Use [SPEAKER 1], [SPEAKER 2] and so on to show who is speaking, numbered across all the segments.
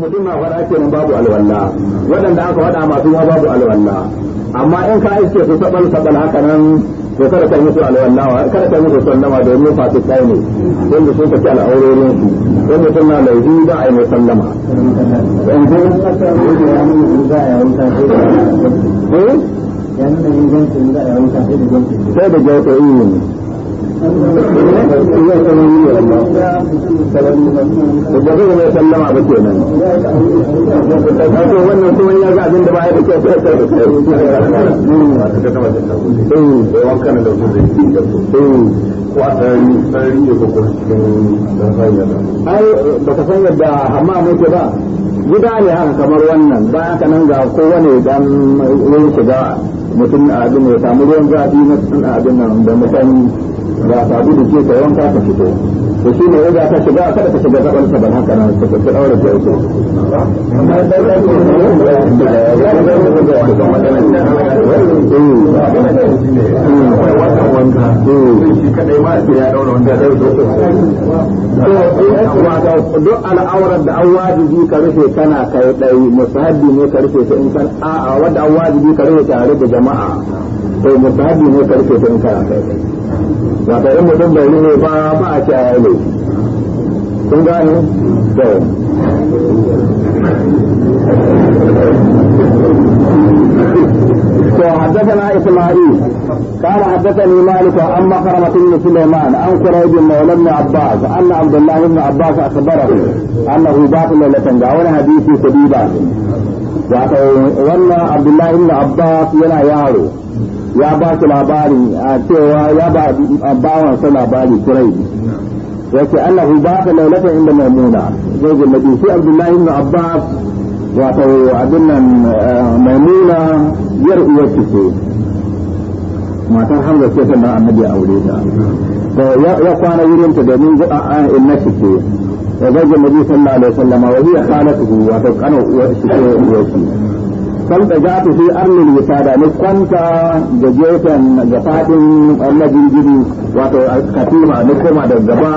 [SPEAKER 1] mutum na faɗa nan babu alwalla waɗanda aka faɗa masu ma babu alwalla amma in ka aike su sabal sabal haka nan to kada kai musu alwalla kada kai musu sallama domin fasu kai ne don da sun tafi al'aurorin su don mutum na laifi za a yi mai sallama eh? sai da Sai gyauta iya Ibrahim ya sallama ba kenan. Wato wannan kuma ya ga abin da ba ya da kyau sai sai. Eh, sai wankan da su zai yi da su. Eh, ko a tsari tsari ya Ai ba ka san yadda hamma muke ba. Gida ne haka kamar wannan, ba haka nan ga kowane dan yin shiga mutum a abin ya samu ruwan zafi na abin nan da mutane ba sabu da ke ka ka fito to shi ne yadda ka shiga kada ka shiga zaɓar sa haka na suka fi daura da duk al'aurar da an wajibi ta a'a wadda ka rufe da jama'a to musahabi ne ka rufe ta in wata yin mutum bai ne ba ba a ce a yi kun gane to to حدثنا اسماعيل قال حدثني مالك عن مخرمة بن سليمان عن كريب مولى ابن عباس ان عبد الله بن عباس اخبره انه بات ليلة دعونا حديثي سبيبا wato wannan abdullahi ibn abbas yana yaro ya ba su labari a cewa ya ba bawan sa labari kurai allah annahu ba ka lailatan inda maimuna zai nabi shi abdullahi ibn abbas wato abin nan eh, maimuna yar uwar ce matar hamza ce na annabi a wuri ta ya kwana wurin ta domin an inna shi ce wa zai nabi sallallahu alaihi wasallam wa hiya khalatuhu wato kana uwar shi ce uwar shi kan da za ta fi arnin wisada ni kwanta da gefen ga fadin annabin gidi wato katima ni koma da gaba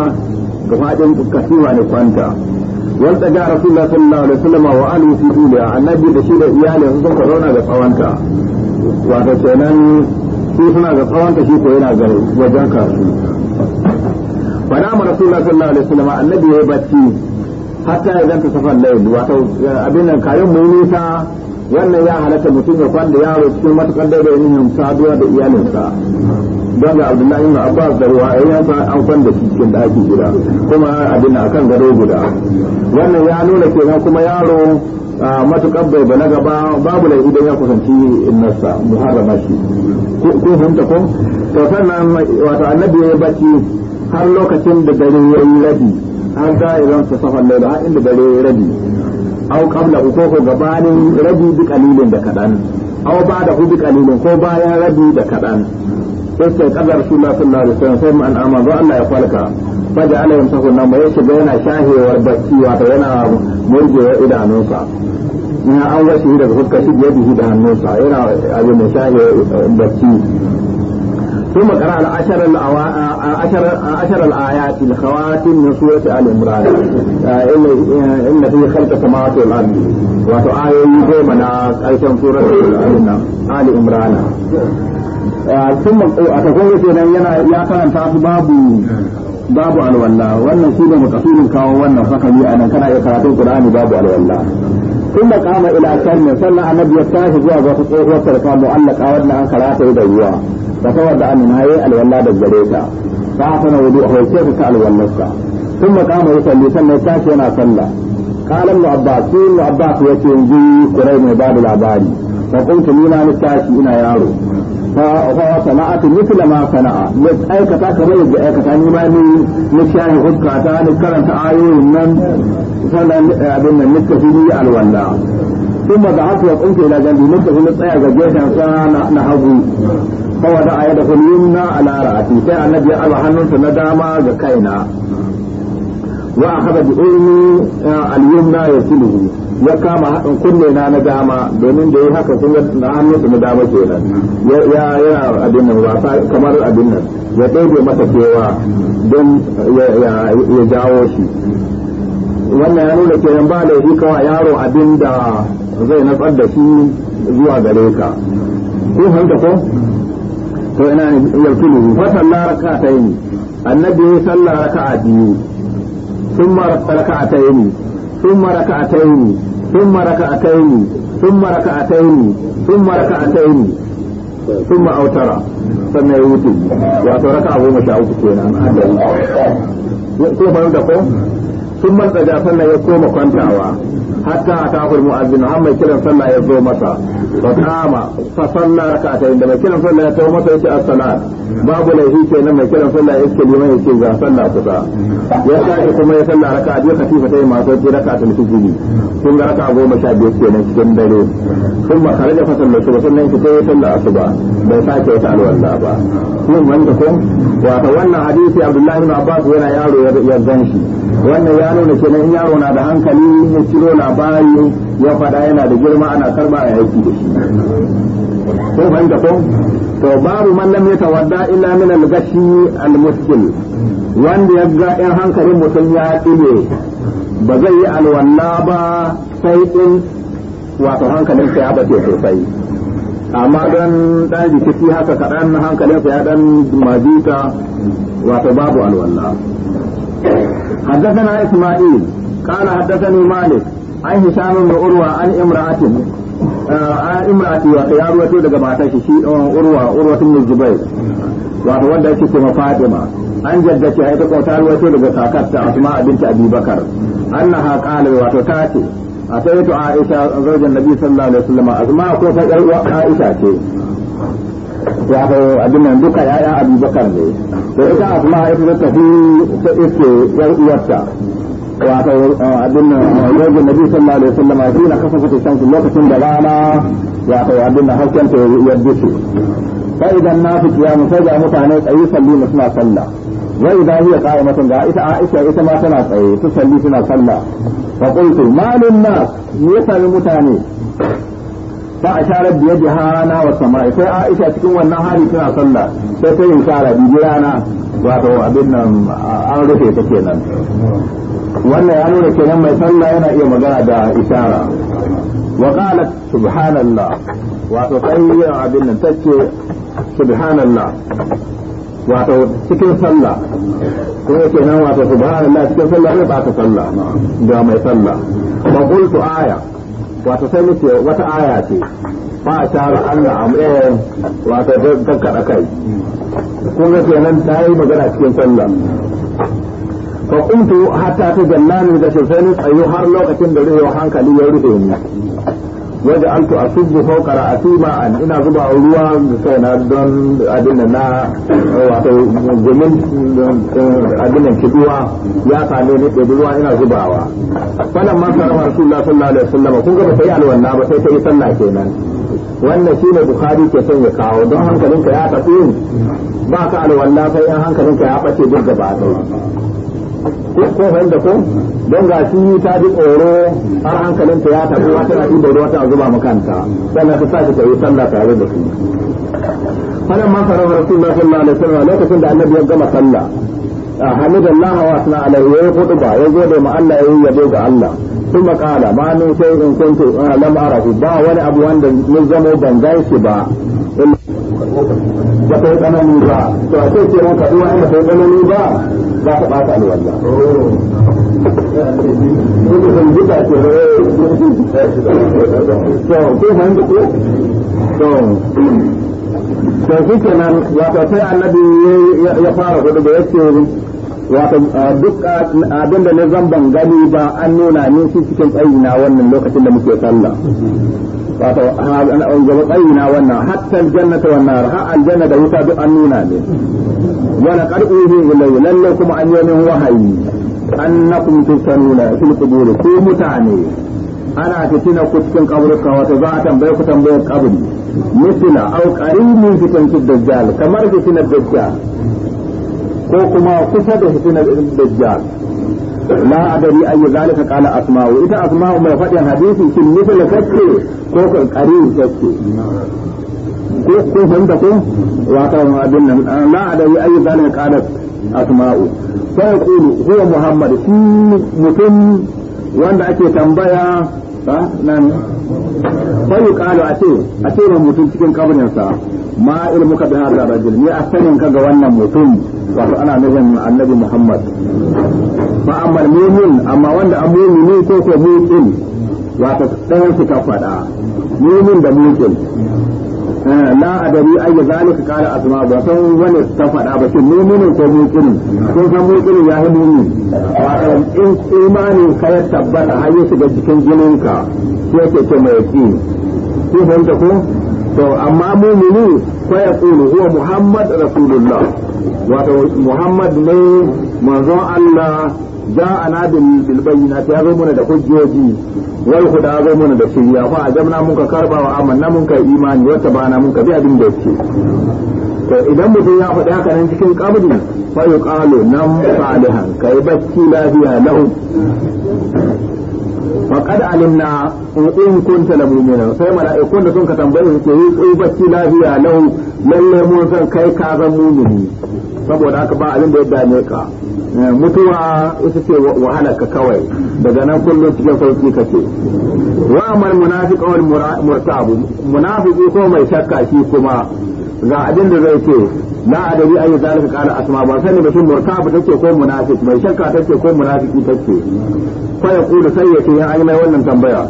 [SPEAKER 1] ga fadin katima ni kwanta wanda ga rasulullah sallallahu alaihi wasallam wa alihi fi dunya annabi da shi da iyali sun ka zauna ga tsawanta wato kenan su suna ga tsawanta shi ko yana ga wajen kasu fada mu rasulullah sallallahu alaihi wasallam annabi ya bacci hatta ya zanta safar layl wato abin nan kayan mu nisa wannan ya halatta mutum ya kwanda yaro cikin matukar daidai yin saduwa da iyalinsa don da abdullahi ibn abbas da ruwa eh, ya sa an kwanda shi cikin daki guda kuma abin kan gado guda wannan ya nuna kenan kuma yaro matukar bai bane gaba babu lai idan ya kusanci nasa muharrama shi ko hunta ko to sannan wato annabi ya baki har lokacin da dare ya yi rabi har da idan sa safar laila har inda dare ya yi rabi aw qabla ko gabanin rabi bi kalilin da kadan aw ba'da hu bi kalilin ko bayan rabi da kadan sai kadar rasulullah sallallahu alaihi wasallam sai mu an amazo Allah ya falka faja ala yamsahu nan ya shiga yana shahewar bacci wato yana murjewa idanunsa ina an wasu daga fuskar shi da hannunsa yana abin da shahewar bacci ثم قرأ العشر العشر عشر الآيات الخواتم من سورة آل عمران إن في خلق السماوات والأرض وتعالى يوم ناس أيضا سورة آل عمران ثم أتقول سيدنا يا كان تاس بابو babu alwala wannan shi ne makasirin kawo wannan fakali a nan kana iya karatun qur'ani babu alwala kuma kama ila sannan sannan annabi ya tashi zuwa ga tsohuwar tarfa mu'allaka wannan an da ruwa da kawar amina ya yi alwalla da gare ta ta sana wudu a hauce ta ta alwallarsa tun ma kama yi salli sannan ya tashi yana sallah kalan mu abbas sun mu abbas ya ce yanzu kurai mai ba da labari ba kun tuni na ni tashi ina yaro fa fa sana'atu mithla ma sana'a ne aikata kamar yadda aikata ni ma ni ni shayi hukka ta ni karanta ayoyi nan sannan eh, abin nan mutafi alwalla ثم دعت وقمت إلى جنبي من تقول طيا جيت أنسان نحبي فوضع يده اليمنى على رأسي سيء النبي أبا حنون سنداما جكينا وأخذ بأذني اليمنى يسله ya kama haɗin kunne na na dama domin da ya haka sun ga na hannunsa na dama kenan ya yana abin nan wasa kamar abin nan ya masa kewa don ya jawo shi wannan ya nuna kenan ba da yi kawai yaro abin da zai natsar da shi zuwa gare ka ko hanta ko to ina yalkulu fa a rak'atayn annabi ya sallah a biyu thumma rak'atayn thumma rak'atayn thumma rak'atayn thumma rak'atayn thumma rak'atayn thumma autara sannan ya wuce wato raka'a goma sha uku kenan ko ban da ko sun manta da sallah ya koma kwantawa hatta a tahul mu'azzin har mai kiran sallah ya zo masa fa kama fa sallah raka'atayn da mai kiran sallah ya zo masa yake as-salat babu laifi ke nan mai kiran sallah ya iske liman ya ce ga sallah kusa ya tashi kuma ya sallah raka biyu katifa ta yi masu ce raka ta mutu gini sun ga raka goma sha biyu ke nan cikin dare sun ba kare da fasallar su ba sannan shi ya sallah asuba bai sake wata alwanda ba ban wanda ko wata wannan hadisi abdullahi na abbas yana yaro ya gan shi wannan ya nuna nan yaro na da hankali ya ciro labari ya faɗa yana da girma ana karba a yaki da shi ko ban da ko to babu man lam yatawadda yara ila min al-gashi al-mushkil wanda ya ga ɗan hankalin mutum ya tsile ba zai yi alwala ba sai in wato hankalin sa ya bace sosai amma don ɗan rikici haka kaɗan hankalin sa ya dan mazita wato babu alwala حدثنا إسماعيل قال حدثني مالك عن هشام بن عروة عن امرأة a imrati wato ya ruwato daga matar shi shi uh, urwa urwatun muzubai wato wanda yake kuma fatima an jaddace ai ta kauta ruwato daga kakarta asma binti abubakar annaha qala wato ta ce to aisha zaujan nabi sallallahu alaihi wasallam asma ko ta yar uwa aisha ce wato abin nan duka ya'ya abubakar ne to ita asma ita ta tafi ta iske yar uwarta wato eh, abin nan eh, yajin nabi sallallahu alaihi wasallam a hina kasafata shamsu lokacin da rana wato abin nan hasken ta yadda su fa idan nasu mu sai ga mutane tsayi sallu suna sallah wa idan hiya qa'imatun ga ita Aisha ita ma tana tsaye su salli suna sallah fa qultu malun nas yasal mutane fa asharat bi yadiha rana wa sama'i sai a Aisha cikin wannan hali tana sallah sai ta yi shara bi rana wato abin nan an rufe ta kenan wannan ya nuna kenan mai sallah yana iya magana da isara wa qalat subhanallah wato sai abin nan take subhanallah wato cikin sallah ko yake nan wato subhanallah cikin sallah ne ba ta sallah ga mai sallah ba qultu aya wato sai muke wata aya ce ba a shara Allah a murayen wato zai kaɗa kai kun ga kenan ta yi magana cikin sallah fa kuntu hatta ta jannani da shi sai ni tsayo har lokacin da rufe hankali ya rufe ni an to a subu saukara a an ina zuba ruwa da na don abin da na wato gumin eh, abin da kiduwa ya same ni da ruwa ina zubawa wannan ma sarrafa rasulullah sallallahu alaihi wasallam kun ga sai ta yi alwanna ba sai ta yi sallah kenan wannan shine bukhari ke son ya kawo don hankalinka ya tafi ba ka alwanna sai hankalinka ya bace duk gaba ɗaya ko ko don ga shi ta ji tsoro har hankalin ta ya tafi wata na da wata a zuba makanta sannan ta sake ta yi sallah tare da su fara ma fara wa rasulullahi sallallahu alaihi wasallam lokacin da annabi ya gama sallah hamid Allah wa asna alaihi ya kudu ba ya da mu Allah ya yi yabo ga Allah sun makala ma ni sai in in alam arahu ba wani abu wanda mun zamo ban gaishe ba ba ta yi tsanani ba to a ce ce maka uwa ba ta yi tsanani ba za ka bata ne wannan to shi kenan wato sai annabi ya fara hudu da yake wato duk abin da na zamban gani ba an nuna ne shi cikin tsayi na wannan lokacin da muke sallah wato gaba tsayina wannan hatta jannata wan nar ha aljanna da wuta duk an nuna ne wa laqad uhi ilayhi lalle kuma an yi min wahayi annakum tusanuna fil qubur ku mutane ana fitina ku cikin kaburka wato za a tambaye ku tambayar kaburi misila au qaribin fitan dajjal kamar fitinar dajjal ko kuma kusa da fitinar dajjal la adari ayi zalika qala asma'u ita asma'u mai fadin hadisi cin misal kake ko qarin kake ko ko fahimta ko wato abin nan la adari ayi zalika qala asma'u sai yaqulu huwa muhammad shi mutum wanda ake tambaya nan sai kalu a ce a ce ma mutum cikin kabarinsa ma ilmuka bi hadha rajul ni a sanin ka ga wannan mutum wato ana nufin annabi muhammad ba amma mu'min amma wanda an mu'mini ko ko mu'min wato ɗayan su ka faɗa mu'min da mu'min Eh, la adari ay zalika qala asma ba san wani ta faɗa ba shin mu'minin ko mu'minin kun san mu'minin ya hin in imanin ka ya tabbata har ya shiga cikin ka sai ke ce mai yaqini ko fahimta ko to amma mu'mini ko ya kulu huwa muhammad rasulullah wato muhammad ne manzon Allah ja'ana bil na ta ya zo muna da hujjoji wal huda zo muna da shiriya a ajabna mun ka karba wa amanna mun ka imani wata bana mun ka bi abin da yake to idan mutum ya faɗi haka nan cikin kabri fa yuqalu nam salihan kai bacci lafiya lahu faqad alimna in kunta la mu'mina sai mala'ikun da sun ka tambaye su ke yi bacci lafiya lau lalle mun kai kaza zan mu'mini saboda haka ba abin da ya dame eh, mutuwa ita ce wahala ka kawai daga nan kullum cikin sauki kake wa amal munafiq murtabu munafiqi ko mai shakka shi kuma ga abin da zai ce la adabi ayi zalika qala asma ba sani ba shin murtabu take ko munafiq mai shakka take ko munafiki take fa yaqulu sai yace in an mai wannan tambaya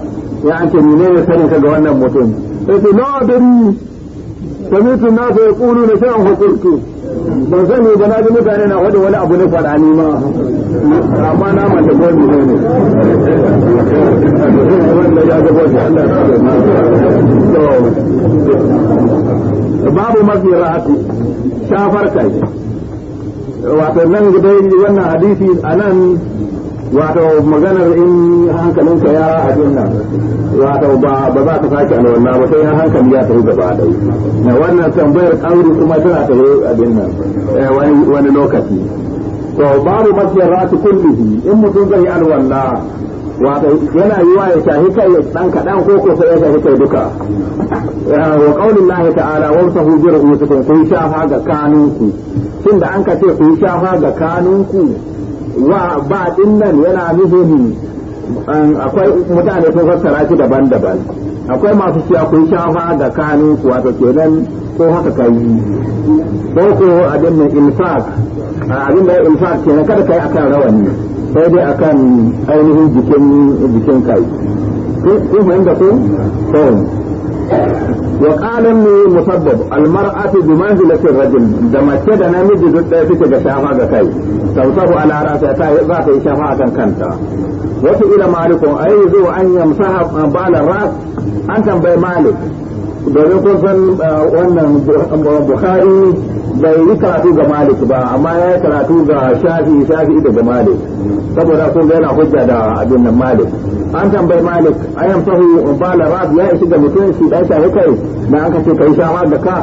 [SPEAKER 1] ya an ce menene sanin ka ga wannan mutum sai ce na adari samitu na fa yaqulu na shay'an hukurtu ban sani ba na ji mutane na wada wani abu na fara ni ma amma na manta ko ne ne wanda ya ga boshi Allah babu mafi ra'atu shafar kai wato nan dai wannan hadisi anan wato maganar in haka ya abin nan wato ba za ta sake alwala ba sai ya hankali ya tafi gaba dai na wannan tambayar kauri kuma tana tafi abin nan eh, wani lokaci to babu masjaratu kullihi in mutum zai alwala wato yana yiwa ya shahi kai dan ko ko sai ya shahi kai duka eh, wa qaulin lahi ta'ala wa sahu bi ru'usikum kun shafa ga kanunku tun da an ka ce kun shafa ga kanunku wa ba din nan yana nufin akwai mutane sun fassara shi daban-daban akwai masu cewa kun shafa da kanu wato kenan ko haka kai ko ko abin mai infaq abin da infaq kada kai akan rawani sai dai akan ainihin jikin jikin kai kun fahimta ko وقال اني مسبب المراه بمنزله الرجل دما كده نمجي ضد ذلك شافعة كي تنصب على راسها كي ذات شافا شافعة كنتا وسئل مالك اي ذو ان يمسح بال الراس انت بمالك domin kun san ah, wannan bukhari bai yi karatu ga malik ba amma ya yi karatu ga shafi shafi ita ga malik saboda sun yana hujja da abin nan malik an tambayi malik ayan fahu bala rab ya isi ga mutum shi dan ta kai na aka ce kai shawa da ka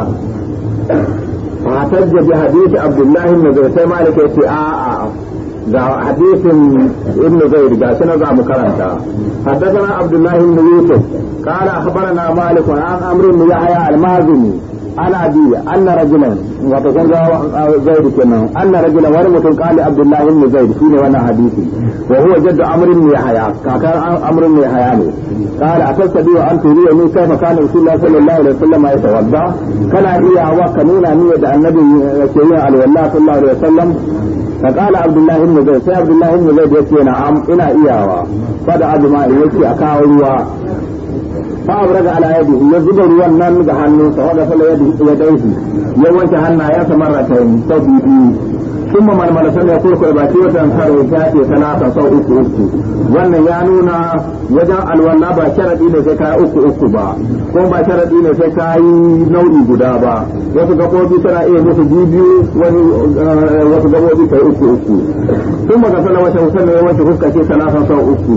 [SPEAKER 1] fatar da hadisi abdullahi ibn zayd sai malik ya ce a'a ga hadisin ibn zai ga na za mu karanta na abdullahi na yusuf قال أخبرنا مالك عن أمر بن يحيى المازني عن أبي أن رجلا وتكون زيد كنا أن رجلا ورمت قال عبد الله بن زيد فينا وانا حديثي وهو جد أمر بن يحيى كان أمر بن يحيى قال أتستطيع أن تريني كيف كان رسول الله صلى الله عليه وسلم يتوضأ كان هي أن يدع النبي يسير عليه الله صلى الله عليه وسلم فقال عبد الله بن زيد سي عبد الله بن زيد يسير نعم إنا إياه فدعا بما يسير أكاوا fa abraga ala yadi ya zuba ruwan nan ga hannunsa wa da fala yadi ya dauki ya wanke hannayensa marratayn sau biyu ثم من ملسن يقول كرباتي وتنصر وشاتي ثلاثة صو أكو أكو وأن يانونا وجاء الولا بشرة إلى سكا أكو uku با كون بشرة إلى سكا نوري قدابا وتقفوا بسرا إيه مسجيبيو وتقفوا بسرا أكو أكو ثم غسل وتوسل يوانش فسكا ثلاثة صو أكو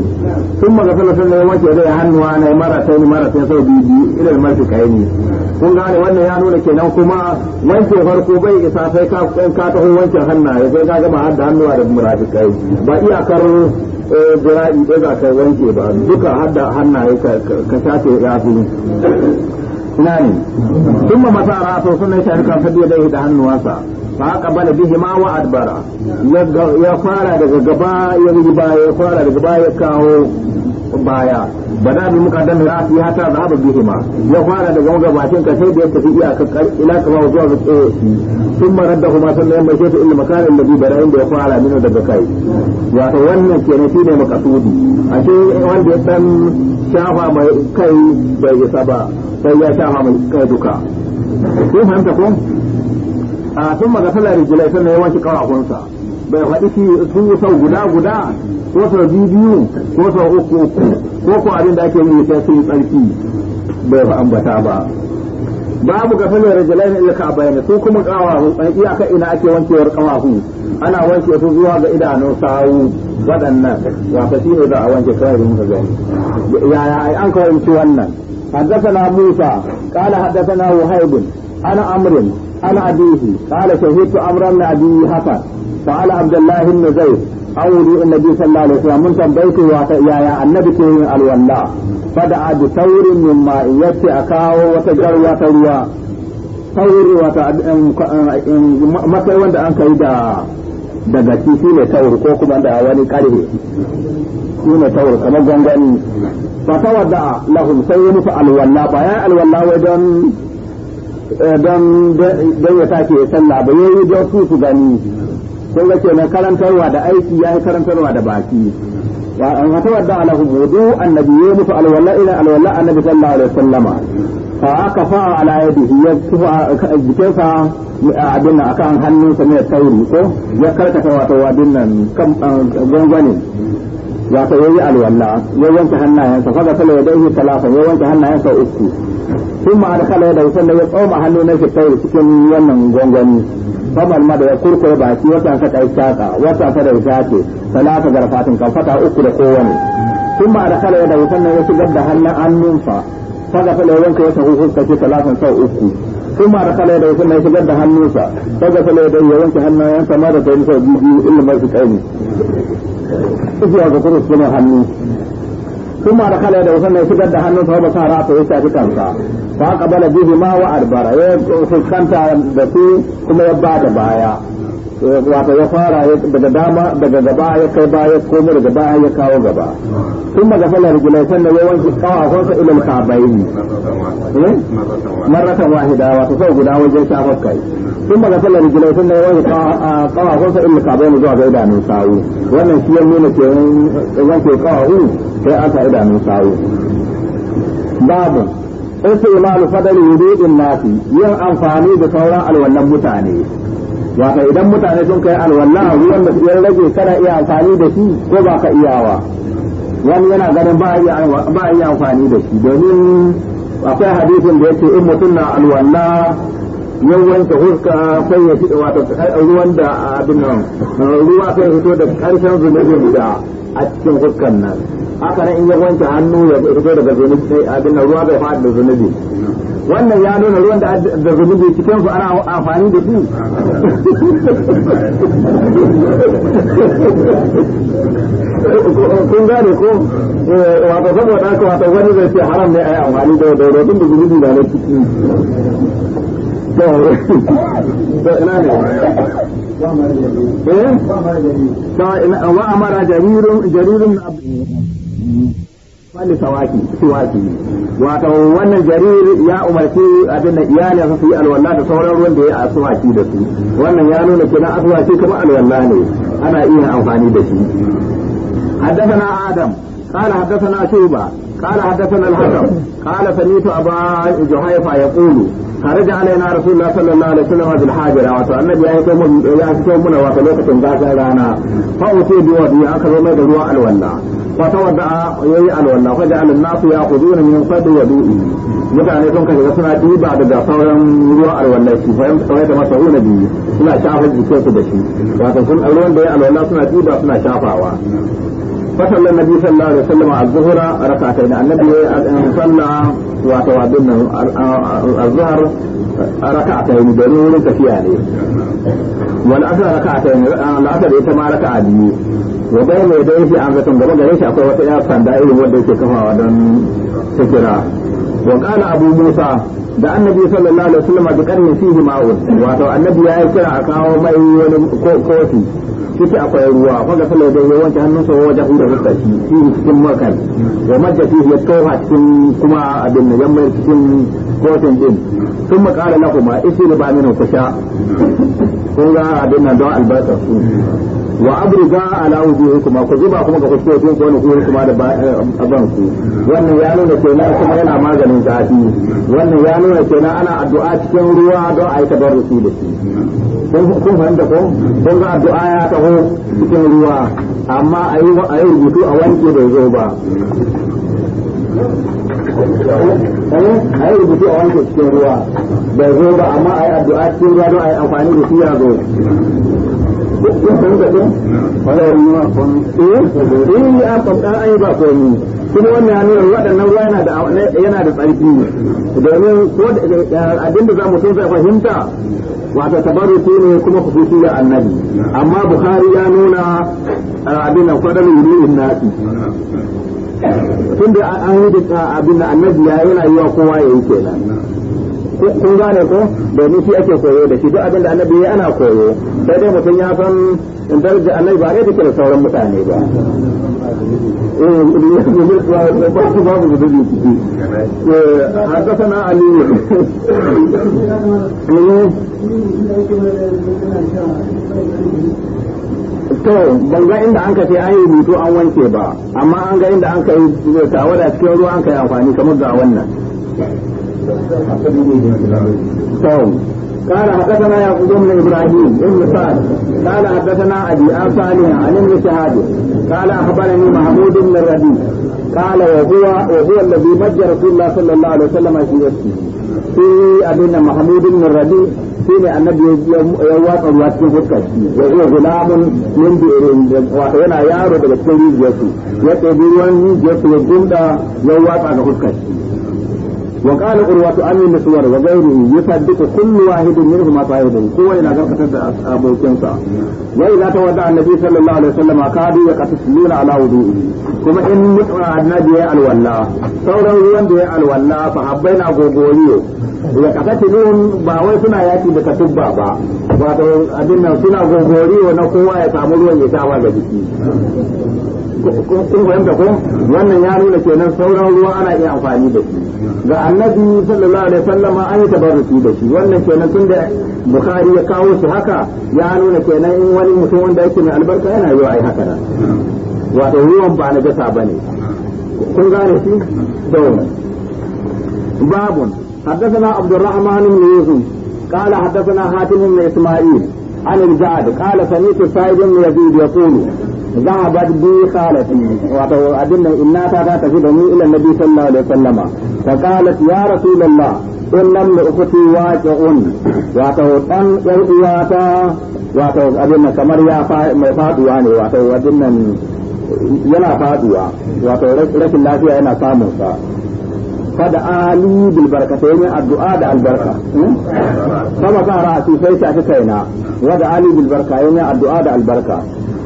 [SPEAKER 1] ثم غسل سنة يوانش يدي عنوانا مرتين مرتين صو بيبي إلى المرتكين kun gane wannan ya nuna kenan kuma wanke farko bai isa sai ka taho wanke hannu hannaye sai ka gama da hannuwa da murafikai ba iyakar eh, jira'i ɗaya za ka wanke ba duka da hannaye ka shafe ya fi ne sun ma masa rato suna yi shari'a da fadiyar da hannuwansa fa haka bala bihi ma wa adbara ya fara daga gaba ya yi baya ya fara daga baya ya kawo baya bana bi muqaddam rafi hata zahaba bihima ya fara daga bakin ka sai da ya tafi kar ila kama zuwa ga tsaye sun marar da kuma sannan ya mace su illa makarin da bi bara inda ya fara mina daga kai Ya ta wannan ke ne ne makasudi ce wanda ya dan shafa mai kai da ya saba sai ya shafa mai kai duka kun fahimta ko a sun magasala rijilai sannan ya wanke kawakunsa bai faɗi su sau guda guda ko sau biyu biyu ko sau uku uku ko ko abin da ake yi sai sun tsarki bai fa ambata ba babu ga fanyar rajulain ila ka bayana su kuma kawahu tsarki iyaka ina ake wankewar kawahu ana wanke su zuwa ga idanun sawu waɗannan wata shi ne za a wanke kawai da muka gani yaya an kawai wannan حدثنا موسى قال حدثنا وهيب عن ana عن أبيه قال شهدت عمرو بن أبي حسن سأل عبد الله بن زيد أو النبي صلى الله عليه وسلم من تنبيته يا يا النبي كيهن الولاء فدعا بثور من ماء يتي أكاو وتجروا تروا ثور مكي وند أنك إذا daga ci shi ne ko kuma da wani karhe shi ne taur kamar gangani fa tawadda lahum sai ya musu alwalla bayan alwalla wai don don ya sake sallah ba yayi don su su gani sai ya na karantarwa da aiki ya yi karantarwa da baki wa wadda ala wudu annabi ya mutu alwala ila alwala annabi sallallahu alaihi wasallama fa aka fa ala yadihi ya tufa jikinsa abin nan akan hannunsa ne tauri ko ya karkata wato wadin nan kan eh, gangane wato yayi alwala ya wanke hannayensa fa gasala yadayhi talasa ya wanke hannayensa uku kuma adkhala yadayhi sannan ya tsoma hannu na shi kai cikin wannan gongoni babal ma da ya kurkure baki wata ka kai shaka wata ka da zake talata garfatin kan fata uku da kowane kuma adkhala yadayhi sannan ya shigar da hannun annunsa fa gasala ya wanke ya sahu huskace talafa sa uku kuma da kale da kuma ya shigar da hannunsa daga kala da ya wanke hannayen sa ma da kai sa biyu illa ma su kai ne kuke ga kuma hannu kuma da kala da kuma ya shigar da hannunsa ba sa ra'a ta yi fa qabala bihi ma wa adbara ya fuskanta da su kuma ya bada baya wato ya fara daga dama daga gaba ya kai baya komo daga baya ya kawo gaba rigilai ya kabaini eh? wahida wato sau guda wajen shafar kai rigilai ya zuwa ga idanun sawu wannan shi sai aka idanun sawu babu istimalu fadali wudu'in nafi yin amfani da sauran alwallan mutane wata idan mutane sun kai alwallan ruwan da ya rage kana iya amfani da shi ko ba ka iyawa wani yana ganin ba a iya amfani da shi domin akwai hadisin da yake in mutum na alwallah ya wanke huska sai ya fito wato ruwan da abin nan ruwa sai fito da karshen zunubi da a cikin huskan nan haka nan in ya wanke hannu ya fito daga zunubi abin nan ruwa bai fada da zunubi wannan ya nuna ruwan da da zunubi cikin su ana amfani da shi kun gane ko eh, wato saboda haka wato wani zai ce haram ne a yi amfani da da da zunubi da na ciki وأمر جرير جرير wannan jarir ya umarci abin da iyalin su yi alwala da sauran ruwan da ya aswaki da su wannan ya nuna kina aswaki kuma alwala ne ana iya amfani da shi حدثنا adam قال حدثنا شعبة قال حدثنا الحكم قال سميت أبا جحيفة يقول خرج علينا رسول الله صلى الله عليه وسلم في الحاجرة وتو النبي يأتيكم يأتيكم منا وتلوكة ذات رانا فأوصي بوضي أخذ ما يدلوا الولا فتودع يي الولا فجعل الناس يأخذون من صد وضوئه mutane sun kashe ga suna ɗiba daga sauran ruwa alwallah su fa yamta kawai kamar sahuna biyu suna shafa jikinsu da shi wato sun ruwan da ya alwallah suna ɗiba suna shafawa فصلى النبي صلى الله عليه وسلم على الظهر ركعتين النبي صلى وتوابنا الظهر ركعتين دليل تفي عليه والعصر ركعتين العصر يتمع ركعة دي وبين يديه عمزة قبل ليش أقوى وتيار صندائي هو ديك كفا ودن سكرا وقال أبو موسى da annabi sallallahu alaihi wasallam da karni fihi ma'un wato annabi ya kira a kawo mai wani kofi ciki akwai ruwa fa ga sallallahu alaihi wanke hannunsa wa wajen da fuskar shi fihi cikin makan wa majja fihi ya tofa cikin kuma abin da yammai cikin kofin din sun makara lakuma isi ba min ku sha kun ga abin nan don albarkar su wa abriga ala wujuhikum ku zuba kuma ga ko ne ko kuma da eh, ban ku wannan ya nuna cewa kuma yana magani maganin zafi wannan ya nuna kenan ana addu'a cikin ruwa don a yi tabarruki da shi kun fahimta ko don ga addu'a ya taho cikin ruwa amma a yi rubutu a wanke bai zo ba eh ai rubutu a wanke cikin ruwa bai zo ba amma ai addu'a cikin ruwa don ai amfani da shi zo eh, eh an ba kuma wannan waɗannan ruwa yana da yana da tsarki domin ko abin da za mu fahimta wato tabaruki ne kuma kusuci annabi amma bukhari ya nuna abin nan nasi tun da an yi da abin da annabi ya yana yi wa kowa ya yi kenan kun gane ko domin shi ake koyo da shi duk abin da annabi ya ana koyo sai dai mutum ya san daraja annabi ba ne take da sauran mutane ba حدثنا eh, علي eh, to ban ga inda an ka ce an yi rubutu an wanke ba amma an ga inda an ka yi tawada cikin ruwa an ka yi amfani kamar ga wannan to قال حدثنا يعقوب بن ابراهيم بن سعد قال حدثنا ابي صالح عن ابن شهاب قال اخبرني محمود بن الربيع قال وهو وهو الذي مد رسول الله صلى الله عليه وسلم في نفسه في ابن محمود بن الربيع shi ne annabi ya watsa ruwa cikin fuskar shi ya zuwa gulamun min bi'irin wato yana yaro daga cikin rijiyarsu ya ɗebi ruwan rijiyarsu ya gunda ya watsa ga fuskar shi وقال أروة أمين نسور وغيره يصدق كل واحد منهما صاحبه هو إلى غرفة أبو كنسا وإذا تودع النبي صلى الله عليه وسلم أكادي يقتصلون على وضوءه كما إن نقع النبي الولا ثورا وين الولا فحبينا غوغوليو ya kasace nun ba wai suna yaki da katubba ba wato abin nan suna gogoriyo na kowa kun fahimta ko wannan ya nuna kenan sauran ruwa ana iya amfani da shi ga annabi sallallahu alaihi wasallam an yi tabarruki da shi wannan kenan tun da bukhari ya kawo shi haka ya nuna kenan in wani mutum wanda yake mai albarka yana yi ai haka nan wato ruwan ba na gasa ne kun gane shi da babun حدثنا عبد الرحمن بن يوسف قال حدثنا حاتم بن اسماعيل عن الجعد قال سمعت سعيد بن يزيد يقول za a ba bi khalati wato abin nan inna ta ta tafi da mu ila nabi sallallahu alaihi wasallam fa qalat ya rasulullah in lam ukhti waqi'un wato dan yar uwata wato abin nan kamar ya fa mai faduwa ne wato abin nan yana fa duwa. faduwa wato rashin lafiya yana samun sa fada ali bil barkata yayin addu'a da albarka sama ka ra'a sai ta kaina wada ali bil barkata yayin addu'a da albarka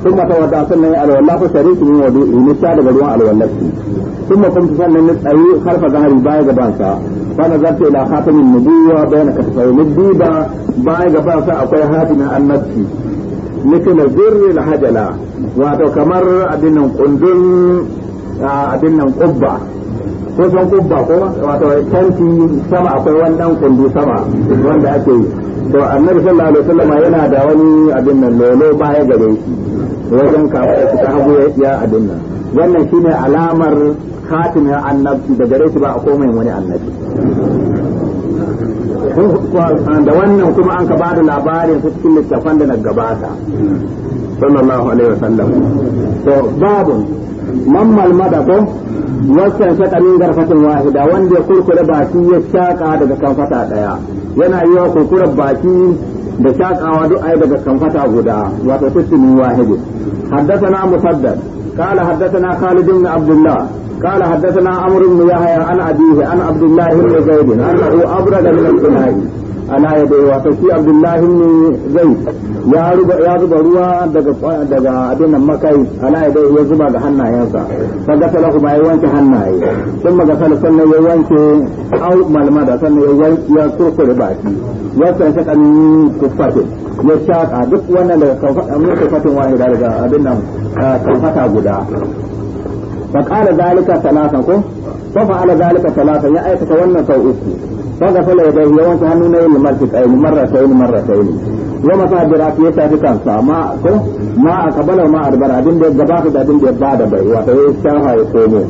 [SPEAKER 1] ثم توضا سنة الولاة شريك من وضوئه نشاد بدون الولاة ثم قمت سنة أي خلف ظهر باي جبانسا فنظرت إلى خاتم النبوة بين كتفي مديدة باي جبانسا أقوي هاتنا النبتي مثل زر الحجلة واتو كمر أبن قندل أبن قبة ko san kubba ko wato tanti sama akwai wani dan kundi sama wanda ake yi to annabi sallallahu alaihi wasallam yana da wani abin nan lolo baya gare shi wajen kawo ta hagu ya abin nan wannan shine alamar khatimin annabi da gare shi ba a komai wani annabi da wannan kuma an ka bada labarin su cikin littafan da na gabata sallallahu alaihi wasallam to babu. man malmada ko wasan shaka min garfatin wahida wanda ya kurkure baki ya shaka daga kamfata daya yana yi wa kurkure baki da shakawa duk ai daga kamfata guda wato tuttumin wahidi haddathana musaddad قال حدثنا خالد بن عبد الله قال حدثنا عمرو بن يحيى عن ابيه عن عبد الله بن زيد انه ابرد من الجنائي Ana ya dai wato shi abdullahi ne zai ya zuba ruwa daga daga abin nan makai ana ya dai ya zuba ga hannayensa kaga sala kuma ya wanke hannaye sun maga sala sannan ya wanke au malmada sannan ya wanke ya kurkure baki ya san shaka min kufatin ya shaka duk wannan daga kafatin wahida daga abin nan ah, kafata guda فقال ذلك ثلاثا كو ففعل ذلك ثلاثا يا ايتك وانا سو اكو فغسل يديه يوم سهنون يلي مرتين مرتين مرتين ومسا براسي يشافي كان ما كو ما اقبل وما ادبر ابن دي غباك دا ابن دي بعد بي واتو يشافا يقومو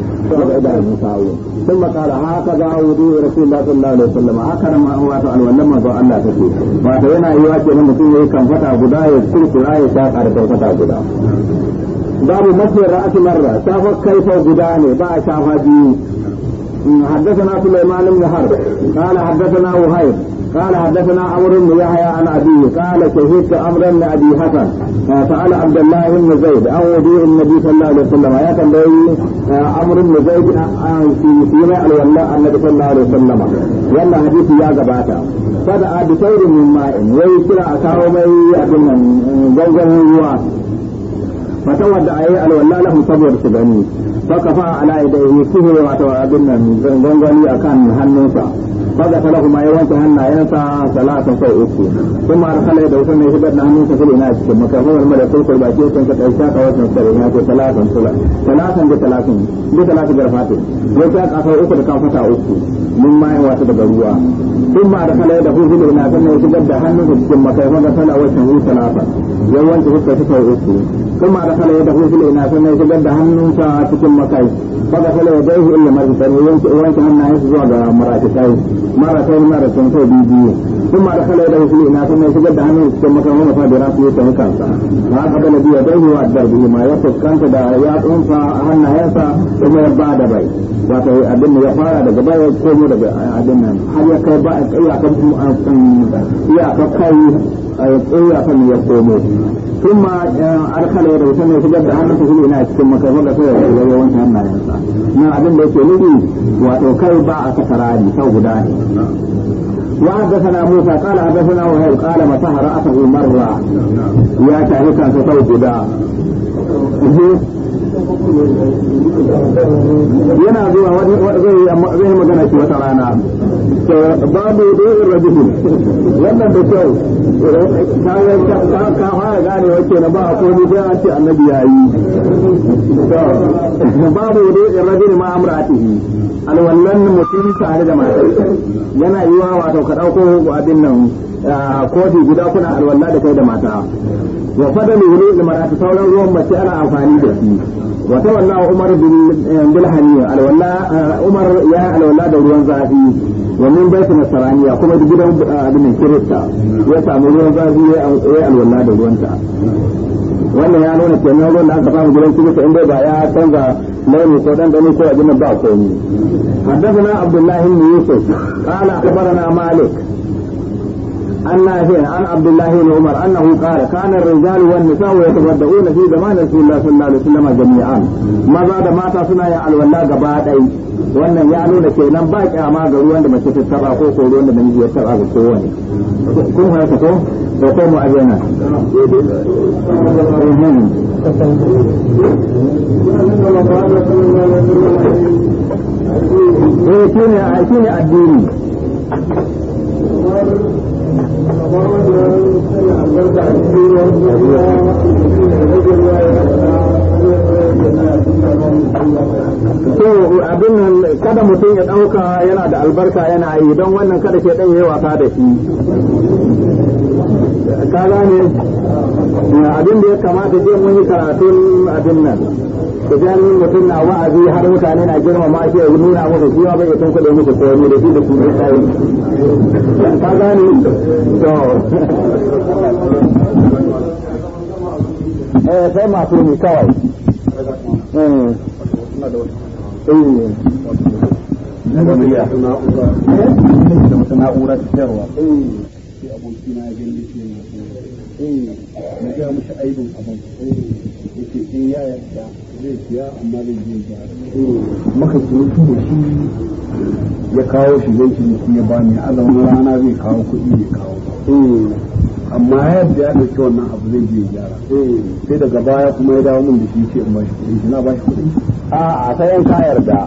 [SPEAKER 1] ثم قال هكذا وضوء رسول الله صلى الله عليه وسلم هكذا ما هو واتو الولما دو الله تكي واتو ينا يواجه المسيح مسلم يكن فتا غدا يذكر قراء يشاف على فتا غدا babu masjid ra'ati marra shafa kai fa guda ne ba a shafa biyu حدثنا سليمان بن حرب قال حدثنا وهيب قال حدثنا عمرو بن يحيى عن ابيه قال شهدت امرا لابي حسن فسال عبد الله بن زيد او وضوء النبي صلى الله عليه وسلم يا تنبيه عمرو بن زيد في سيما الولاء النبي صلى الله عليه وسلم يلا حديث يا جباتا فدعا بخير من ماء ويسرع كاومي ابن زوجه fatan wanda a yi alwala lahu saboda su gani ka kafa ala da idaihi kuhu wato abin nan gangani akan hannunsa faga ta lahu ma ya wanke hannayensa salatan sau uku sun ma arkala da wasan mai shigar na hannunsa sai na cikin makarfin wani da kurkur baki ya kanka ɗan shaka wasan sai na ce salatan sula salatan da talatin da talatin garfatin ya ta kafa uku da kan fata uku mun ma ya wata daga ruwa sun ma arkala da hulhulu na kan mai shigar da hannunsa cikin makarfin da salatan wasan salatan yawanci suka fi kai yi uku kuma da kala ya dafu fili na sannan shigar da hannun hannunsa cikin makai kaga kala ya dai illa yanki yanke wanke hannayen su zuwa ga marakitai marakai marakin kai biyu kuma da kala ya dafu fili na sannan shigar da hannun cikin makai wani rafi su yake kansa ba haka da biya dai wa darbi ma ya fuskanta da ya a yatsunsa sa kuma ya ba da bai wato abin da ya fara daga baya komo daga abin nan har ya kai ba a tsaya kan kai ya kai a ya tsoya kan ya komo tun ma arkala ya rautar ne shigar da hannun su yana cikin makarfa da sai ya yi hannayensa na abin da yake nufi wato kai ba a sakarari sau guda ne yana zuwa wani zai magana shi wata rana babu ɗoyin wannan da kyau ka fara gane wace na ba a komi sai a ce annabi yayi yi babu wudu in rajul ma amra'atihi alwallan mutum tare da matar yana yi wa wato ka ɗauko abin nan kofi guda kuna alwallon da kai da mata wa fadali wuri da marasa sauran ruwan mace ana amfani da shi wa ta wallah umar eh, bil haniya umar ya alwalla da ruwan zafi wa min baiti nasaraniya kuma gidan abin kirista ya samu ruwan zafi ya alwalla da ruwan ta. wannan ya nuna ke nan ruwan da aka samu gidan kuma in dai ba ya canza launi ko dan dani ko a jinin ba komi haddana abdullahi bin yusuf qala akhbarana malik عن عن عبد الله بن عمر انه قال كان الرجال والنساء يتبدؤون في زمان رسول الله صلى الله عليه وسلم جميعا maza da mata suna yin alwala gaba ɗai wannan ya nuna kenan ba kyama ga ruwan da mace ta taba ko ko ruwan da namiji ya taba ga kowane kun haka ko ko ko mu ajena
[SPEAKER 2] eh shine shine addini
[SPEAKER 1] to abin nan kada mutum ya ɗauka yana da albarka yana yi don wannan kada ke ɗan yawa ta da shi ka gane abin da ya kamata je mun yi karatun abin nan idan mutum na wa'azi har mutane na girma ma shi ya nuna masa shi bai ya san kuɗe ko komai da shi da shi ne sai ka to eh sai ni kawai na'urar sayarwa sai
[SPEAKER 2] zai siya amma zai
[SPEAKER 1] eh, maka shi ya kawo shi zai ciniki ya bani azumin rana zai kawo kuɗi ya kawo eh. amma yadda ya ɗauki wannan abu zai je gyara eh. sai daga baya kuma ya dawo min da shi ce in ba shi kuɗi na ba shi kuɗi a a sayan ka yarda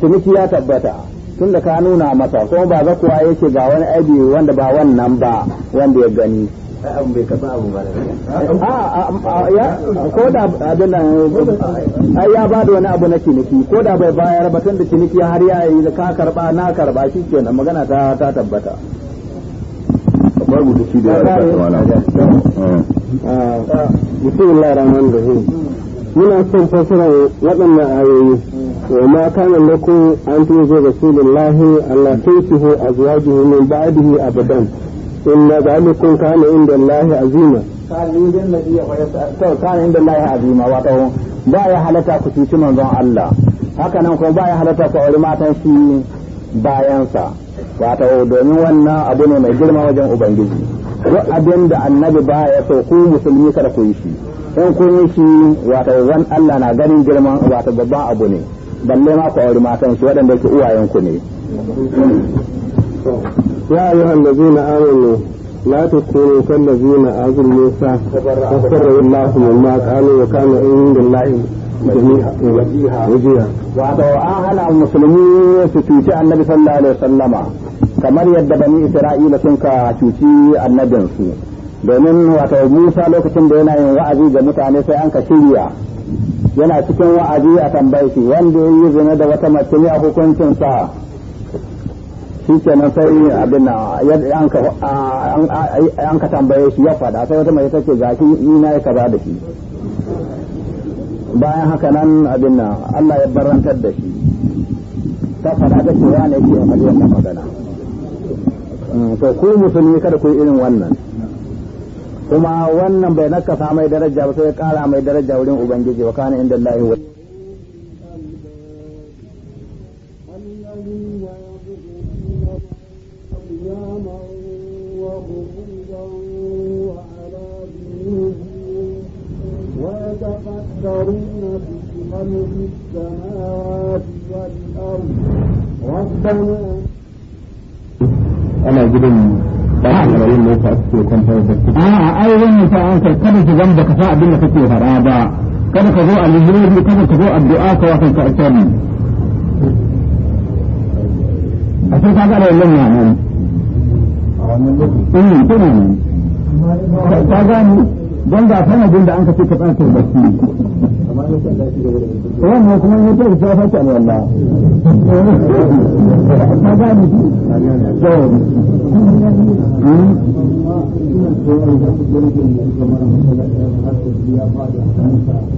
[SPEAKER 1] ciniki ya tabbata tun da ka nuna masa kuma ba zakuwa yake ga wani aibi wanda ba wannan ba wanda ya gani abu bai abu ba ah, ah, ah, ya ko da abin nan ai ya ba da wani abu na ciniki ko da bai bayar ba tun da ciniki har ya yi ka karba na karba shi nan magana ta ta tabbata babu da shi da ya rasa wala bismillahir rahmanir rahim muna son fasara waɗannan ayoyi وما كان لكم أن تؤذوا رسول الله a تنكحوا أزواجه من بعده أبدا إن ذلكم كان عند الله عظيما كان عند الله عظيما واتو ba ya halatta ku cuci manzon Allah haka nan kuma baya ya halatta ku auri matan shi bayansa wato domin wannan abu ne mai girma wajen ubangiji duk abin da annabi ba ya so ku musulmi kada ku yi shi in kun yi shi wato zan Allah na ganin girman wato babban abu ne balle ma ku auri matan shi waɗanda ke uwayen ku ne يا أيها الذين آمنوا لا تكونوا كالذين آذوا موسى فاستروا الله مما قالوا وكان عند الله وجيها wato an hana musulmi su cuci annabi sallallahu alaihi kamar yadda bani isra'ila sun ka cuci annabinsu domin wato musa lokacin da yana yin wa'azi ga mutane sai an ka shirya yana cikin wa'azi a tambayi wanda ya yi zina da wata mace ne a sa. shi nan sai abin an ka tambaye shi ya fada sai wata mai take ga shi na ya ba da shi bayan haka nan abin nan Allah ya barantar da shi ta fada da cewa ne ke faɗi da magana mm, to ku musulmi kada ku yi irin wannan kuma wannan bai nakasa mai daraja ba sai ya kara mai daraja wurin ubangiji wa kana inda Allah أي وين أنت كم تزمد كفاءة بينك فيها هذا كم تزوء الجلد كم تزوء الدعاء كواحد كأسامي أشوف هذا على اللون يعني don ga sanadin da an ka ce ka tsaka bacci wannan kuma ya ce ya fata ne wallahi ka ga ni to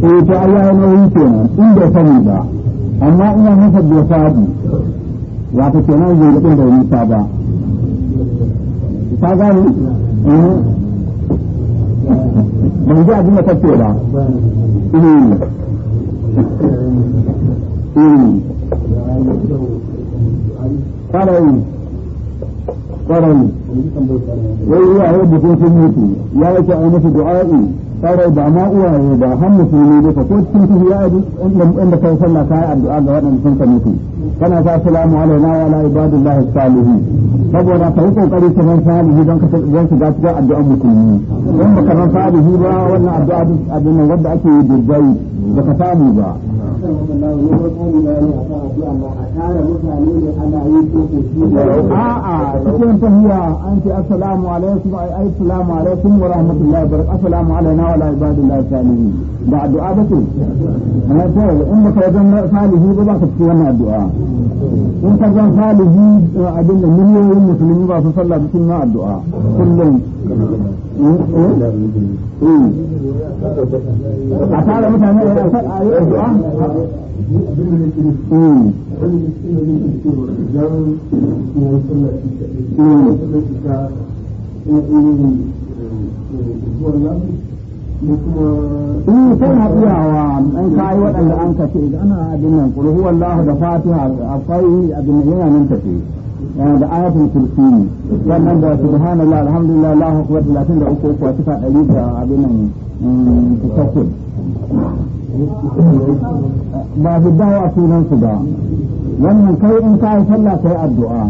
[SPEAKER 1] eh to Allah ya nauyi kenan in bai sani ba amma ina masa sabu ya ta ce na yi da ni ta ba ta ga ni ban ji abin da kake ba ƙwarai ƙwarai wai iya yau bikin sun mutu ya yake a musu du'a'i sarai ba ma uwaye ba har musulmi ne ko cikin su ya yi inda kai sallah ka yi addu'a ga waɗanda sun ka mutu kana sa salamu alaina wa ala ibadillahi salihin saboda ka yi kokari ka san salihi don ka don shiga cikin addu'a musulmi don baka san salihi ba wannan addu'a abin nan wanda ake yi dubbai baka samu ba a'a cikin tahiya an ce assalamu alaikum baka wajen salihi ba ka ci wannan addu'a in eh, miliyoyin musulmi addu'a a fara mutane da yasa a yi an kayi waɗanda an kace ana abin nan kulhuwallahu da fatiha akwai abin nan yana nan tafi da ayatul kursi wannan da subhanallah alhamdulillah Allahu akbar 33 uku uku sifa 100 da abin nan tafsir ba su dawa sunan su ba wannan kai in ka yi sallah kai addu'a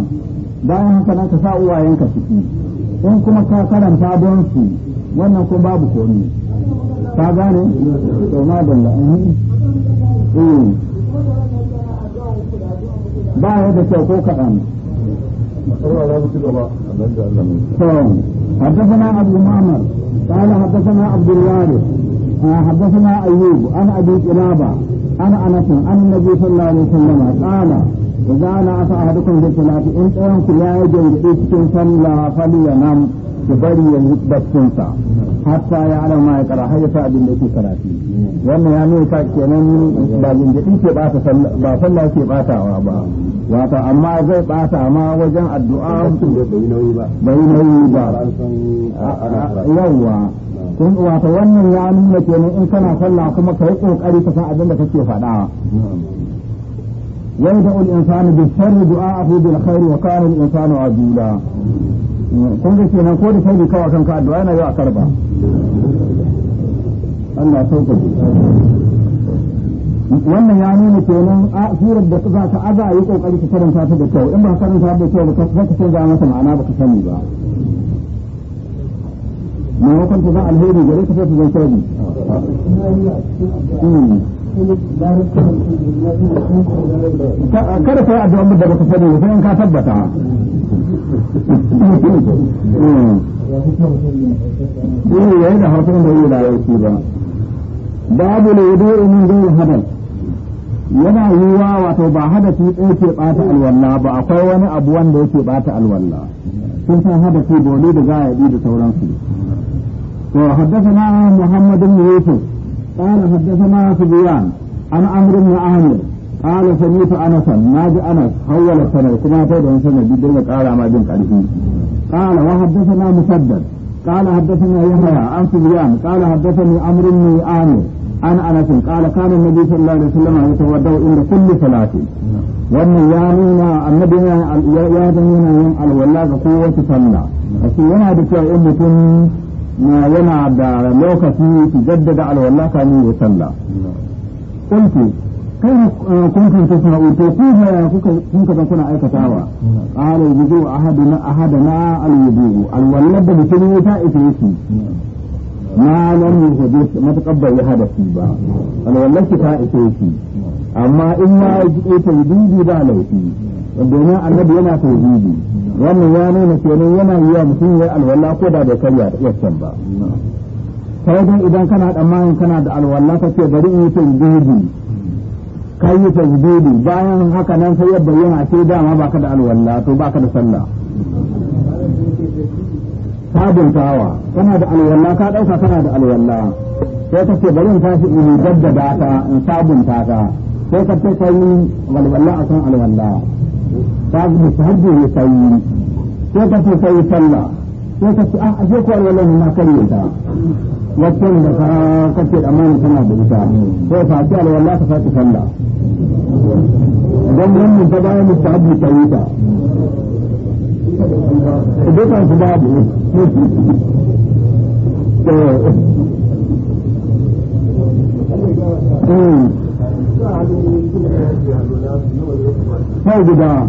[SPEAKER 1] bayan haka nan ka sa uwayenka ciki in kuma ka karanta don su wannan ko babu komi ka gane to ma dalla ba ya da kyau ko kaɗan حدثنا ابو معمر قال حدثنا عبد الوارث حدثنا ايوب عن ابي قلابه عن انس عن النبي صلى الله عليه وسلم قال اذا نعس احدكم في الصلاه ان تنكر يا جيد اسكن صلى فلينم su bari ya yi baccinsa hatta ya ala ma ya kara har ya sa abin da yake karafi wannan ya nuna ta kenan ba gingidi ke bata ba sallah ke batawa ba wata amma zai bata ma wajen addu'a bai nauyi ba nauyi ba yawwa kun wata wannan ya nuna kenan in kana sallah kuma ka yi kokari ka san abin da kake faɗa ويدعو الإنسان بالشر دعاءه بالخير وكان الإنسان عجولا kun ga nan ko da sai kawa kanka addu'a yana yau a karba Allah sauka wannan ya nuna nan a surar da za ka aza yi kokari ka karanta ta da kyau in ba karanta da kyau ba ka canza masa ma'ana ba ka sani ba maimakon ta za alheri gare ka sai ta zai hmm. kyau kada ka yi addu'a da ka sani ba sai in ka tabbata
[SPEAKER 2] eh yayin da hausa da
[SPEAKER 1] yi larabci ba babu da wudu min dole hadal yana yiwa wato ba hadafi ɗaya ke ɓata alwala ba akwai wani abu wanda yake ɓata alwala sun san hadafi bole da gayadi da sauransu to haddasa muhammad bin yusuf قال حدثنا سفيان عن عمرو بن عامر قال سميت انسا ما جاء انس حول السنه كما فوضى سنه بدون قال ما بين قريب قال وحدثنا مسدد قال حدثنا يحيى عن سفيان قال حدثني عمرو بن عامر عن انس قال كان النبي صلى الله عليه وسلم يتوضا عند كل صلاه wannan ya nuna annabi ya nuna yin alwala ga kowace sallah a yana da kyau in mutum yana da lokaci su jaddada alwala kamin ya sallah kuntu kai eh, kun kan ta sa'u to ku da kuka kun ka kuna aikatawa mm. qala yuzu ahaduna ahadana al-wudu al-wallad da mutum ya ta ita yake mm. ma lam yuhdith ma taqabbal hadasi ba mm. al-wallad ta ita yake amma in ma ya tawdidi ba laifi domin annabi yana tawdidi wannan ya nuna kenan yana yi wa mutum ya alwala ko da bai karya da iyakan ba sai dai idan kana tsammanin kana da alwalla kake bari in yi tawdidi kai yi bayan haka nan sai ya bayyana sai dama baka da alwala to baka da sallah sabuntawa tawa kana da alwala ka dauka kana da alwala sai ka ce bari in tashi in jaddada ka in sabunta ta sai ka ce kai walwala a kan alwala ka bi tahajjudi sai sai ka ce sai sallah sai ka ce a ashe ko alwalin na karye ta waccan da ka kace da amana tana da ita sai fa ce alwala ta fata sallah dan nan mun ta bayan mustahabi ta yi ta dukan su babu sai guda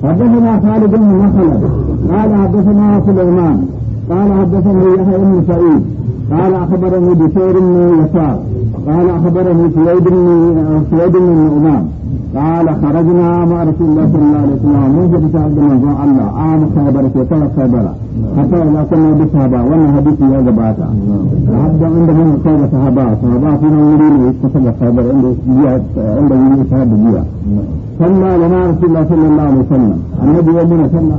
[SPEAKER 1] حدثنا خالد بن مخلد قال حدثنا سليمان قال حدثني يحيى بن سعيد قال اخبرني بشير من يسار قال اخبرني سويد بن سويد بن النعمان قال خرجنا مع رسول الله صلى الله عليه وسلم من جد شهد من جون الله عام خبر كتاب خبر حتى إذا كنا بصحابة وانا حديث يا جباتا حتى عند من صحابة صحابة صحابة فينا يريد يتصل خبر عند جيات عند يريد صحابة جيات صلى لنا رسول الله صلى الله عليه وسلم النبي يومنا صلى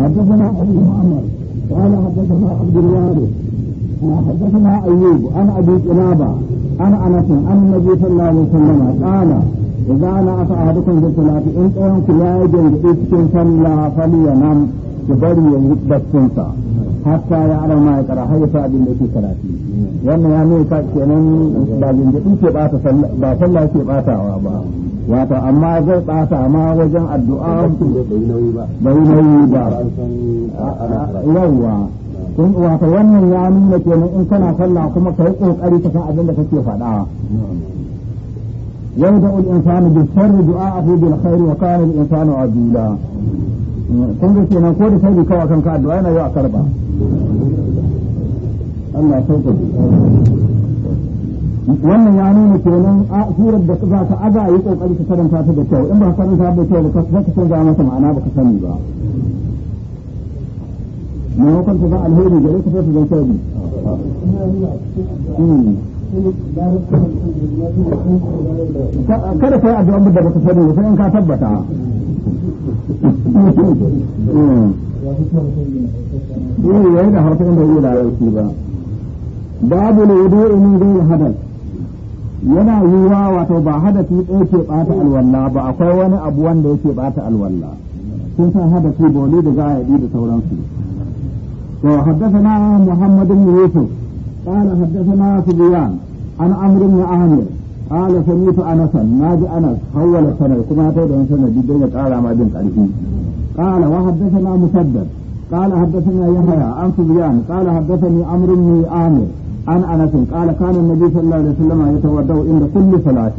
[SPEAKER 1] حدثنا أبو محمد قال حدثنا عبد الله حدثنا أيوب عن أبي قلابة عن أنس عن النبي صلى الله عليه وسلم قال إذا نعس أحدكم في الصلاة إن أنكم لا يجد إذن صلى فلينم كبري يبكنسا حتى يعلم ما يقرأ حيث أبي التي صلاتي وأن يعني كأنن بعدين جئت بات صلى بات صلى بات أما wato amma zai ɓata الدعاء بينه addu'a بينه nauyi ba yawwa kun wato wannan ya nuna kenan in kana sallah kuma kai kokari ka san abin da kake faɗa yadda ul insanu bi sharri du'a'ahu bil khairi wa kana al insanu ajula kun ga kenan ko da sai kawai ka addu'a yana yau a karba Allah sauka wannan ya nuna kenan a surar da za ka aza yi kokari ka karanta ta da kyau in ba ka karanta da kyau ba ka san masa ma'ana ba ka sani ba ما هو كنت بقى kada ka yi addu'an da baka sani sai in ka tabbata eh yayi da harfin da yi da yauki ba babu ne wudu in hadas yana yiwa wato ba hadafi ɗaya ke bata alwalla ba akwai wani abu wanda yake bata alwalla sun san ba boli da za a yi da sauransu وحدثنا محمد بن يوسف قال حدثنا سبيان عن عمرو بن عامر قال سميت انسا ناجي انس حول السنه كما تقول ان سنه جدا قال ما جن قال وحدثنا مسدد قال حدثنا يحيى عن سبيان قال حدثني عمرو بن عامر عن انس قال كان النبي صلى الله عليه وسلم يتوضا عند كل صلاه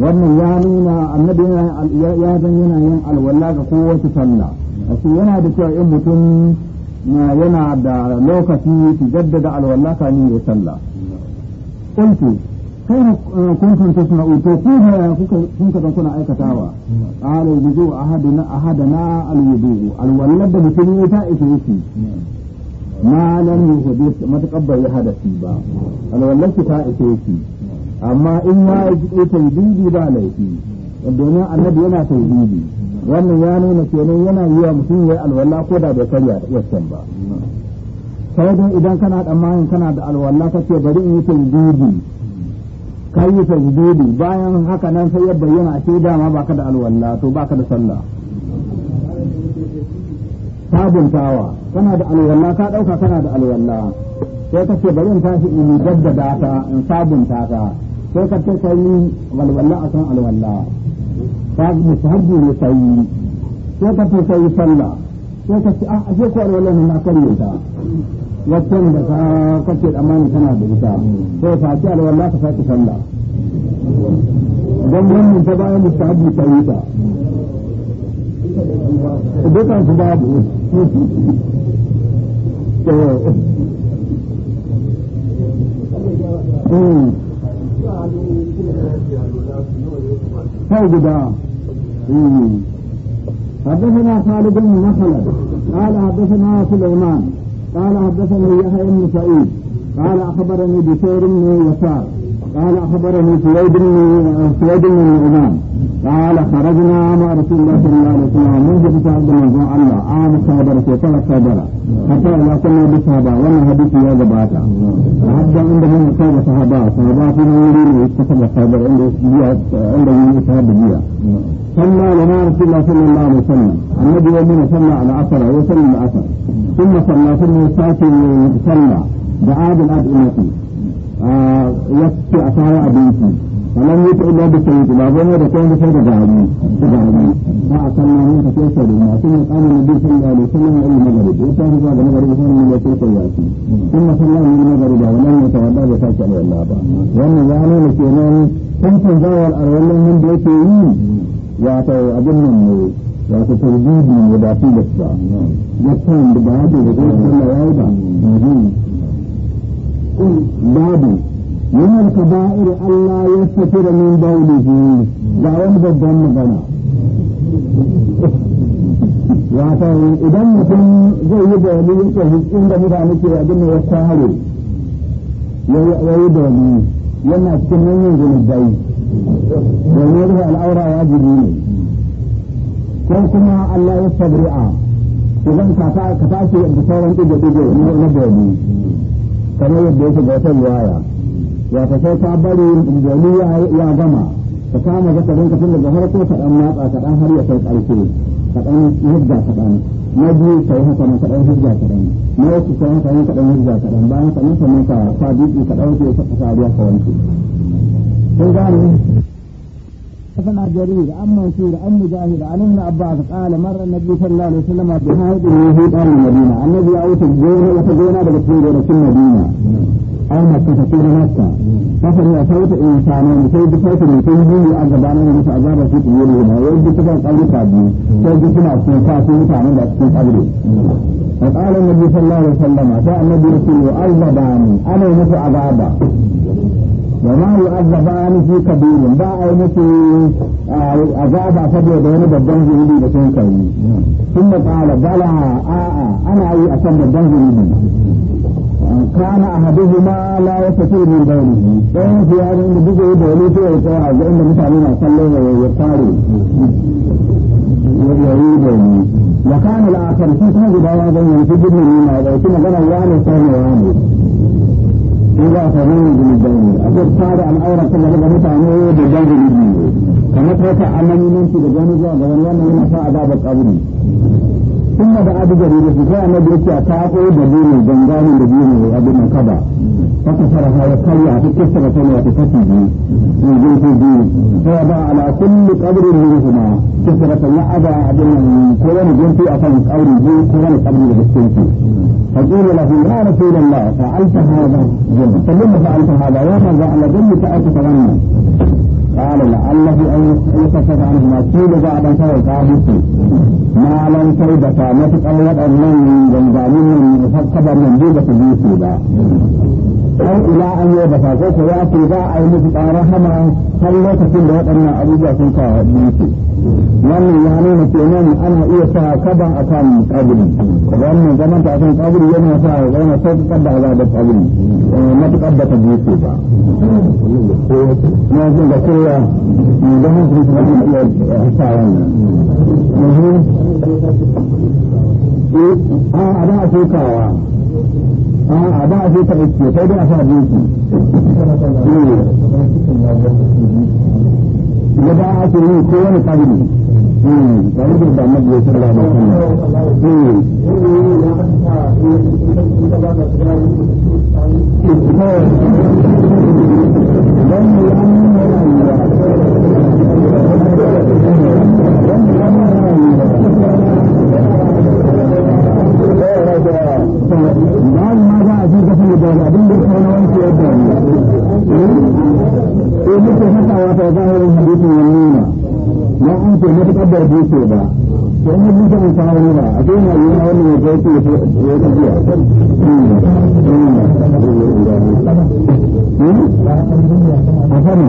[SPEAKER 1] wannan ya nuna annabi ya zan yana yin alwala ga kowace sallah a yana da cewa in mutum na yana da lokaci su jaddada alwallaka ne ya sallah kuntu kai eh, kuntum tasma'u uto ku kuka kun ka kuna aikatawa ala wudu ahadana ahadana alwudu alwala da mutum ya ta ita yake ma lam yuhdith matakabbar ya hadasi ba alwala ta ita yake amma in ya yi tawbidi ba laifi domin annabi yana tawbidi wannan ya nuna kenan yana yi wa mutum ya alwala ko da bai karya da yasken ba sai dai idan kana tsammanin kana da alwala kace bari in yi tajjidi ka yi tajjidi bayan haka nan sai ya bayyana ce dama baka da alwala to baka da sallah sabuntawa kana da alwala ka dauka kana da alwala sai kace bari in tashi in jaddada ta in sabunta ta sai kace kai walwala akan alwala ka musahabi ne sayi sai ka fi sallah sai ka ci a je ko wannan na kan ta waccan da ka kace amana tana da ita sai ka ci alwala ka saki sallah don wannan ta bayan musahabi sai ta dukan su توجدا حدثنا خالد بن نخلة قال حدثنا سليمان قال حدثنا يحيى بن سعيد قال اخبرني بشير بن يسار قال اخبرني سويد بن سويد بن الامام قال خرجنا مع رسول الله صلى الله عليه وسلم منذ كتاب الله عام خيبر كتاب خيبر hatta ya kuma bi ba wannan hadisi ya gabata hadda inda mun kai da sahaba sahaba kuma wuri ne kusa da sahaba inda biya inda mun kai da biya sanna la na rasulullah sallallahu alaihi wasallam annabi ya mun sanna ala asara ya sanna ala asara kuma sanna kuma sake da a kawo abinci wannan ne ta ila da ke yi ba gome da kwan dukkan da gari da gari ba a san nan ta ke sai da ma sun yi kanin da sun da ne sun yi wani magari da ta zuwa ga magari sun yi wani sai ya ci sun ma san nan ne magari da wannan ne ta wanda ba ta ci da Allah ba wannan ya nuna kenan kun san zawar arwallan mun da yake yi ya ta abin nan ne ya ta tarbibi da su ba da kan da ba da da sun da yayi من الكبائر ألا يستتر من بوله دعوه بالدم بنا wato idan mutum zai yi domin yake hukun da mutane ke abin da ya kware ya yi domin yana cikin manyan zunubai domin rufe al'aura ya jibi ne ko kuma Allah ya sabri'a idan ka tashi da sauran ɗigo-ɗigo na domin kamar yadda yake ga wata riwaya wato sai ta bari jami ya gama ka kama zakarin ka tun daga harko ka dan matsa ka dan har ya kai karfe ka dan hujja ka dan na biyu ka yi haka nan ka dan hujja ka dan na uku ka yi haka nan ka dan hujja ka dan bayan ka nan sannan ka sa duki ka dauke ka sa ruwa ka wanke kun gane حدثنا جرير عن منصور عن مجاهد عن ابن عباس قال مر النبي صلى الله عليه وسلم بهائط اليهود اهل المدينه الذي اوت الجنه وتجينا بكثير من المدينه ai masu tafi da nasta kafar ya sauta in samu ne sai duk kafin mutum biyu a gabanin da musu azabar su tuyo ne ba yau duk kan ƙauyuka biyu sai duk suna kuka sai mutanen da cikin ƙauye a tsarin nabi sallallahu alaihi wasallam sai annabi ya ce wa azabani ana yi musu azaba wa ma yu'azzabani fi kabirin ba a yi musu azaba saboda wani babban zunubi da sun kai sun da bala a'a ana yi a kan babban zunubi an kana a hadu kuma la ya fi kiri da wani don su ya zama duka yi da wani ko ya kawo a zai da mutane na kallo ya yi ya yi da wani ya kana la a karshe kuma guda ya zama ya na zai kuma gana ya ne sai ne ya ne in za ka zama da wani dangi a zai kare al'aura kuma daga mutane ya yi da dangi ne kamar kawai ta amma ne da ga wani wannan yana sa a zaɓa kaburi ثم بعد جريرة جاء النبي يتي أتاقوا دليل الجنجان الذين أبو مكبا فكسر هذا في كسر سنة تفتيه من جنس الدين فوضع على كل قبر منهما كسرة وعدا عدنا من كون جنس أفن قبر الدين كون قبر الدين فقيل له يا رسول الله فعلت هذا جنة فلما فعلت هذا وما فعل جنة أتتغنى قال لعله أن عنه ما قيل بعد أن ترى القاهرة ما لم ترد قامت قلت أنه من جنزانين من مفقدة من جيبة بيسيبا أو إلى أن يبقى فوق ويأتي ذا أي مفقى رحمة هل تكون لهم أن أبو جاسم قاعد بيسيبا wannan ya nuna kenan ana iya sa kaba a kan kabiri wannan zama ta kan kabiri yana sa yana sauƙaƙar da azabar kabiri eh, matuƙar da ta jefe ba na jin da kowa da hankali su kuma iya sa wannan eh, a ba a sokawa a ba a soka ake sai dai a sa jefe eh. ya ba a yi ko wani ƙarni tare hmm, da da annabi ya da ma hmm. za a
[SPEAKER 2] ji gafin da
[SPEAKER 1] abin da ya kawo na ne. sai muke hasawa ta zahirin hadisin ya nuna na an ce matuƙar da dutse ba to in mutum an sa wani ba a ce na yi na wani ya ce ya ta biya a sama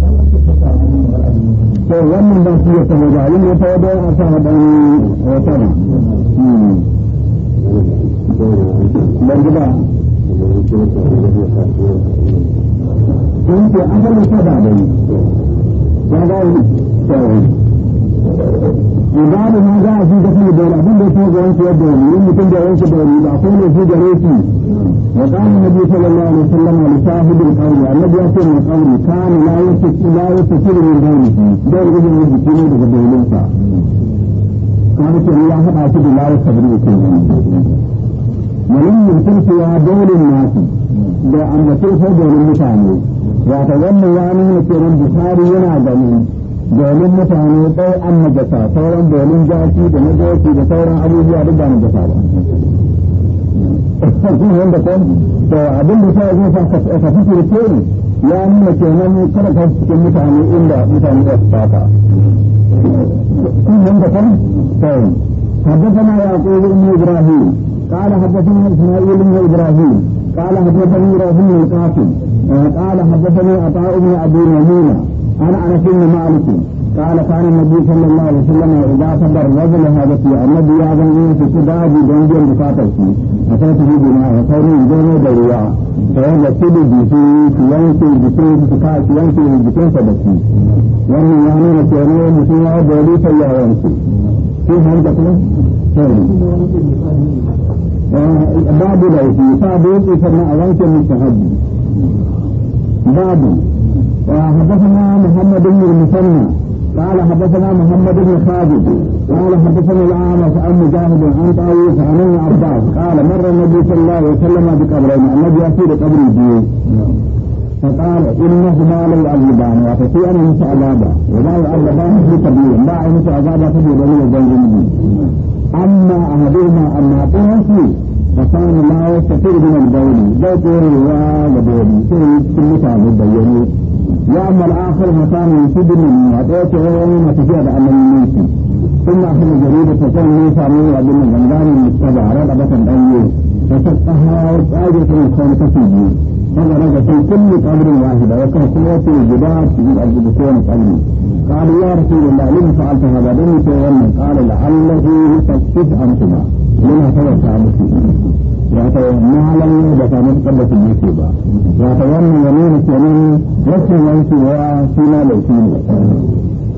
[SPEAKER 1] to wannan ba shi ne tawo ba yin ta tawo a sa dan sama hmm. ban ji ba in ce asalin sada da yi ya ga yi ibadu ma za a fi gafin da dole abin da ya ga wanke yadda wani yin mutum da wanke da wani ba sai ne shi da reki wa kana nabi sallallahu alaihi wasallam li sahibul qawli annabi ya ce mai qawli kana la yasifu la yasifu min dawli dole gudun ne jiki ne daga Wani sa kana ce ya hada shi da la da ke malin mutum ce ya nasu da ambatin sai mutane ta wannan ya nuna cewa bukhari yana ganin domin mutane ɗaya an majasa sauran domin jaki da nagoci da sauran abubuwa duk ba majasa ba kuma wanda ko to abin da zai sa ka ya nuna kenan kada ka cikin mutane inda mutane da su taka kuma wanda ko to حدثنا يعقوب بن ابراهيم قال حدثنا اسماعيل بن ابراهيم قال حدثني رافع القاسم قال حدثني عطاء بن ابي ميمونه عن انس بن مالك قال كان النبي صلى الله عليه وسلم اذا صبر رجل هذا النبي هذا في كتاب دنجل بفاتته أتيته بماء وصوره يجري دريا فهذا سيدي بيسي سيانسي بيسي سكاء سيانسي بيسي سبسي وأن يعني نسيانيه مسيحة دولي سيارانسي كيف هم تقول؟ باب لوسي صادق يسمى أوانسي مستهد باب حدثنا محمد بن المثنى قال حدثنا محمد بن خالد قال حدثنا الان عن مجاهد عن طاووس عن ابن عباس قال مر النبي صلى الله عليه وسلم بقبرين النبي يسير قبر الجيوش فقال إنهما لا يعذبان وفي أنا مش عذابا ولا يعذبان في كبير لا مش عذابا في بني الجنة أما أحدهما أما طاووس فكان لا يستطيع من البول بيت الرواء وبول كل مثال شعب وأما الآخر فكان يشد مني وأتيت وهو نتيجة أن الموت ثم أخذ جريدة فكان موسى من وأبن الغنغان المتبع رغبة أيه فشقها وآجت الإنسان تسيبي فضرب في كل قبر واحدة وكان قوة الجبال تجيب الجبتين قبري قال يا رسول الله لم فعلت هذا بني قال لعله يفكك أنتما لما فعلت mutabbatin yake ba wata wannan ya nuna kenan rashin wankewa shi ma laifi ne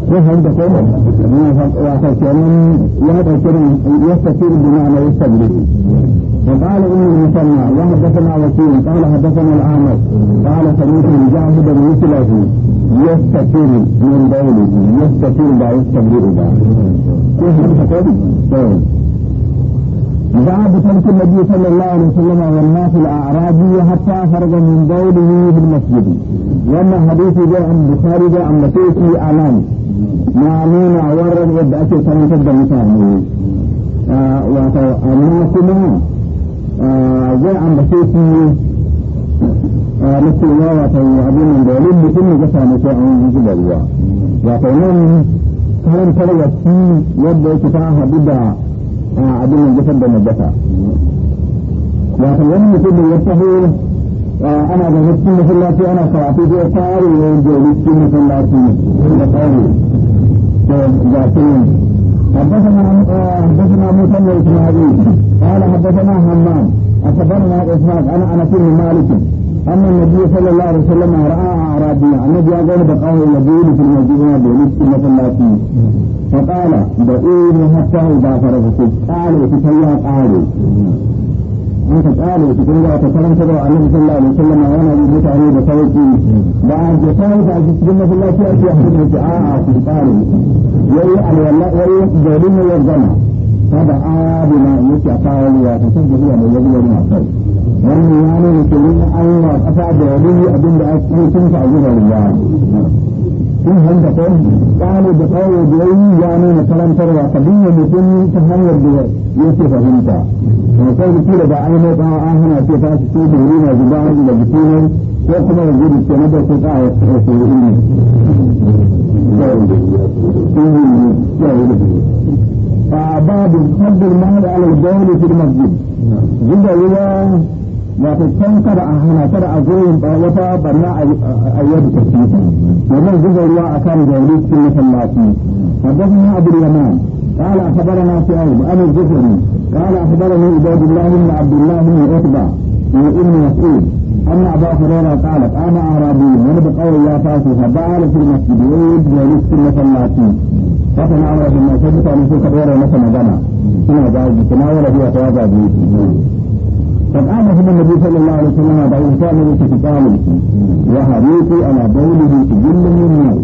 [SPEAKER 1] ko da ko ne wata kenan ya da kirin yastafir bima na yastabri وقال ابن المثنى وحدثنا وكيل قال حدثنا الاعمش قال سمعت da مثله يستتر من بوله يستتر لا يستبرئ ذلك. كيف بعد ترك النبي صلى الله عليه وسلم والناس الأعرابي حتى فرغ من بوله بالمسجد وأما حديث جاء عن البخاري جاء عن مسيسي أعلام معلوم أورد يبدأ أشياء كما تبدأ مثلا وأما كما جاء عن مسيسي مثل الله وأبي من بولين مثل جسا مسيح عن جسد الله وأتونا كان فرغ في يبدأ كتاها بدأ abin da jifar da najasa wato wani mutum ya taho ana da cikin masallaci ana karatu ko tare ya yi jeri cikin masallaci da tare da gasirin حدثنا حدثنا موسى بن اسماعيل قال حدثنا همام اخبرنا اسحاق انا انس بن مالك أن النبي صلى الله عليه وسلم رأى أعرابيا النبي قال بقاه يقول في المدينة بمسك مسلاتي فقال دعوني حتى إذا فرغت قالوا تتيا قالوا أنت قالوا تتيا تتلم تدعو النبي صلى الله عليه وسلم وأنا بموت عليه بصوتي بعد يسال فأجد مسلاتي أشياء حدثت آه في قالوا يلي على والله يلي جولين يرجمه kada abu na yake a kawo ruwa ta san da mai yabi wani masai wannan ya nuna ke nuna kasa da wani abin da ake sa a zuwa ruwa سنهم بطول قالوا بطول جوي يعني مثلا ترى قديم ومثل يتهم يبدو يوسف هنطا وقالوا كيلا بعينة آهنا كيفا تسوي بغرينا زبان إلى بطولهم وقم يجب التنبه كيفا يتحسرين باب الحد المال على الدولة في المسجد جدا هو wato can kada a hana kada a goyin ba wata barna a yadda ta ce wannan zuba ruwa a kan gauri cikin masallaci حدثنا عبد اليمان قال اخبرنا شعيب عن الزهري قال اخبرني عباد الله بن عبد الله بن عتبه بن ابن مسعود ان ابا هريره قال انا اعرابي من بقول الله تعالى فدعا في المسجد ويد جالس في المسلاتي فكان على ابن مسعود كان يقول كبيره مثلا جنى ثم جاء بسماء ولا هي تواجد فقال لهم النبي صلى الله عليه وسلم هذا انسان في كتابه وحريقي على بوله في جل من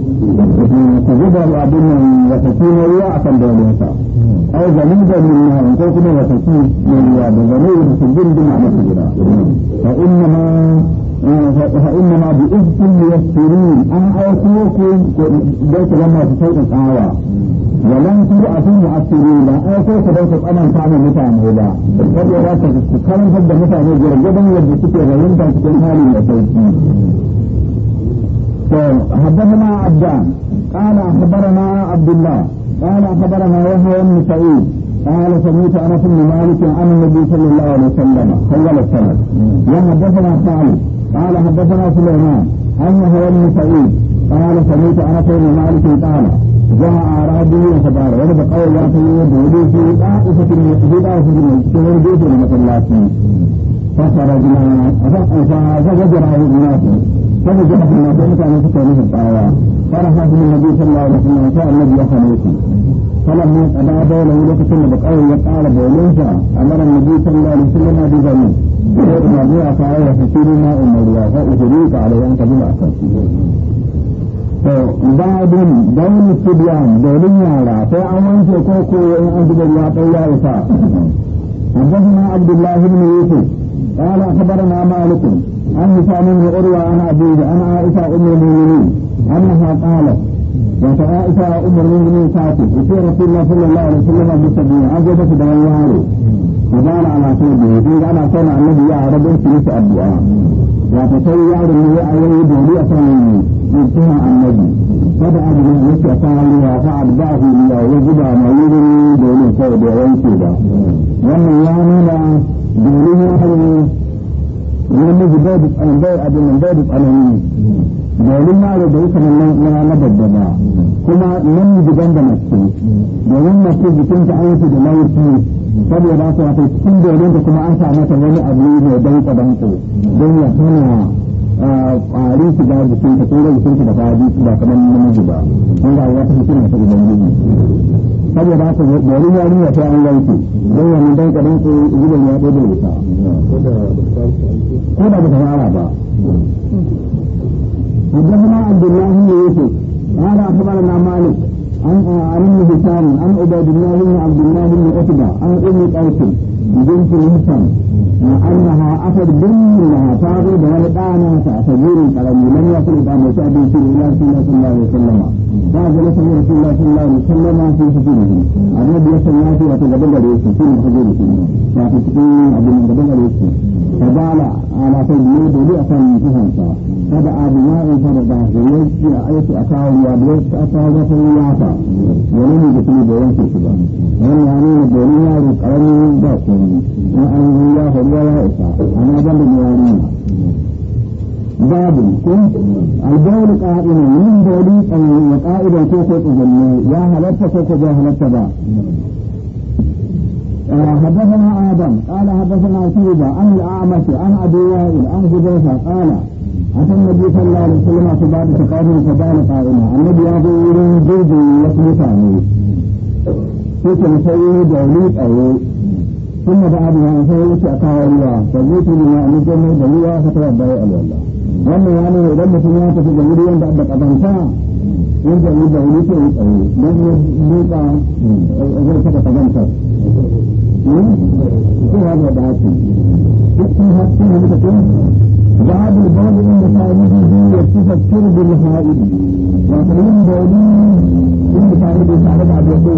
[SPEAKER 1] تجبر ابنا وتكون رياء بولها او ذنوبا من نار تكون وتكون من رياء بذنوب في الجلد مع مخجرا فانما فإنما بإذن يسرين أن أوصيكم بيت لما تسوق الآية ولن ترى في مؤثرين لا أوصيك بيت أنا كان متعم هذا قد يراك كان هذا متعم جدا يبدو كتير غيرين كان كتير مالي يسوقين فحدثنا عبدان قال أخبرنا عبد الله قال أخبرنا يحيى بن سعيد قال سمعت أنس بن مالك عن النبي صلى الله عليه وسلم خلال السنة وحدثنا خالد قال حدثنا سليمان أن هو بن سعيد قال سمعت أنس بن مالك قال جاء أعرابي فقال ولد قول لا تجد في طائفة في طائفة من بيت المسلاتي فخرجنا فغجر على الناس فنجحت الناس كانوا في الطاوة قال حافظ النبي صلى الله عليه وسلم شاء النبي يفعل يسمع فلم يقضى بينه لكتم بقول وقال بينه امر النبي صلى الله عليه وسلم بذنب ما ruwa ta yi ma umar ta ujuri ta alayyan ka zuwa sarki. To, babin gani su biyan domin yara sai an wanke koko wani an zuba ruwa ɗaya ya sa. Abbas na Abdullahi ne yake قال أخبرنا مالك عن هشام بن عروة عن أبيه عن عائشة أم المؤمنين أنها قالت وفي عائشة أم المؤمنين كاتب وفي رسول الله صلى الله عليه وسلم بالسجن عجبت بغياره فقال على صوبه قيل أنا كان الذي يعرض في نفس الدعاء وفتي يعرض له أعيد لي أصلي يبتنع النبي فدعا بما يسعى صالحا فأتبعه لي وجد ما يريد دون صوب وينشد ومن يعمل domin namiji bai abin nan bai tsanani domin yaro da yake nan na babba ba kuma namiji ban da mace domin mace jikinta ta aiki da lauki saboda haka wato cikin domin da kuma an samu ta wani abu mai danko danko don ya tana ƙwari su ga jikin ka tsoro jikin ka da fadi ba kamar namiji ba don ba ya tafi kina ta ubangiji saboda haka dorin yari ya ta an wanke don wannan dan kadan ko gidan ya dade wuta ko da ba ta fara ba حدثنا عبد الله بن يوسف قال اخبرنا مالك عن عن ابن هشام عن عبيد الله بن ne الله بن عتبه an ام قيس jinsin mutan na allaha akar dunni na hafari da wani ɗa ta a sajirin ƙarami lamuwa kuma ta mai sa abincin ila sunan sallallahu alaihi wasallama ba ga nasan yin sun lafi Allah musamman ma sun fi jini amma da yasan ya fi wata gaban gare su sun fi jini su ta fi cikin abin gaban gare su ta bala ala kai ne da ne akan fahimta kada abu ya in da gare su a aiki a kawo ya da wasu a kawo da wani ba wani da wani in an yi ya faruwa ban باب كنت البول قائما من بولي قائدا كيف تظني يا هلت كيف يا هلت با حدثنا آدم قال حدثنا شيبة عن الأعمش عن أبي وائل عن حذيفة قال أتى النبي صلى الله عليه وسلم صبابة قائما فقال قائما النبي يقول جلد يسلساني كيف يسوي بولي قائما ثم بعد ما يسوي أتى الله فجئت لما أمجمه بليا فتوضأ الوالله wannan ya nuna idan mutum ya tafi da wuri wanda da kazanta in da da wuri ke yi tsaye don ya duka eh, zai saka kazanta hmm? kuma da da haka cikin hakkin da muka ce بعد الباب ان تعريفه يتفكر da وتعلم بولي ان تعريفه تعرف عبد يقول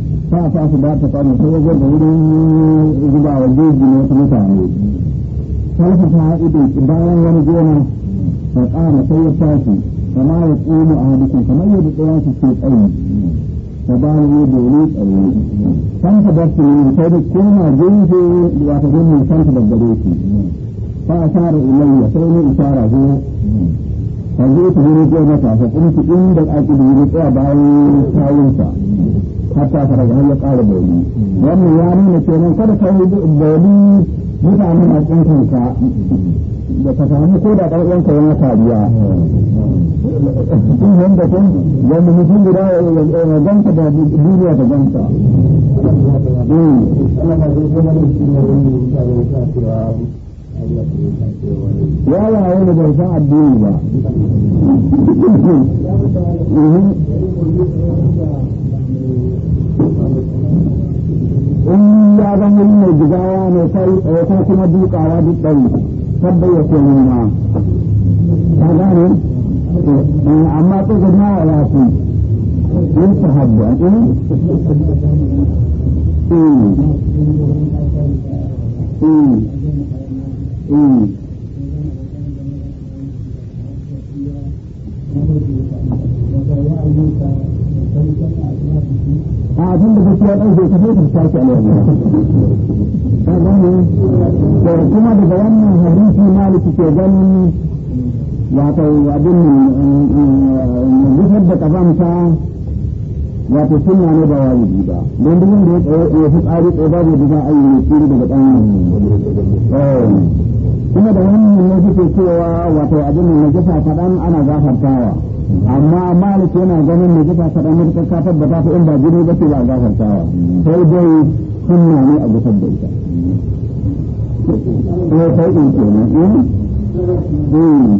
[SPEAKER 1] ta sa su ba ta kwanu sai ya da wurin zuba wa jeji na wasu mutane sarfa ta ido bayan wani gona ta ƙara sai ya tashi kama ya tsoro a hadisin kamar yadda ɗaya su ke tsaye ta ba ya dole tsaye santa da su ne sai da koma jeji wata gudun santa da gare shi ta a fara ilayya sai ne isara zo ta zo ta wuri gona ta fa kuma su inda ake da wuri tsaya bayan shawunsa hatta fara ga ya ƙara boli wannan ya nuna kenan kada ka yi boli mutane na tsinkan ka da ka samu ko da ɗan yana kariya cikin wanda kun mutum guda ya ganta da duniya da ganta ya bai addini ba in ya zan wani mai jigawa mai sai ko kuma dukawa duk ɗari tabbai ya ma ta gane amma ta lafi in ta a abin da gaskiya ɗan zai kafa ta tashi a da kuma daga wannan hadisi maliki ke ganin wato abin nan da kazanta wato suna ne ba wajibi ba don duk wanda ya tsaye ya fi tsari tsaye babu da za a yi tsiri daga ɗan kuma da wannan ne suke cewa wato abin da najasa kaɗan ana gafartawa amma malik yana ganin najasa kaɗan mutukar ka tabbata ta in ba jini ba ce ba gafartawa sai dai sunna ne a gusar da ita ko sai in ke ne hmm. Hmm.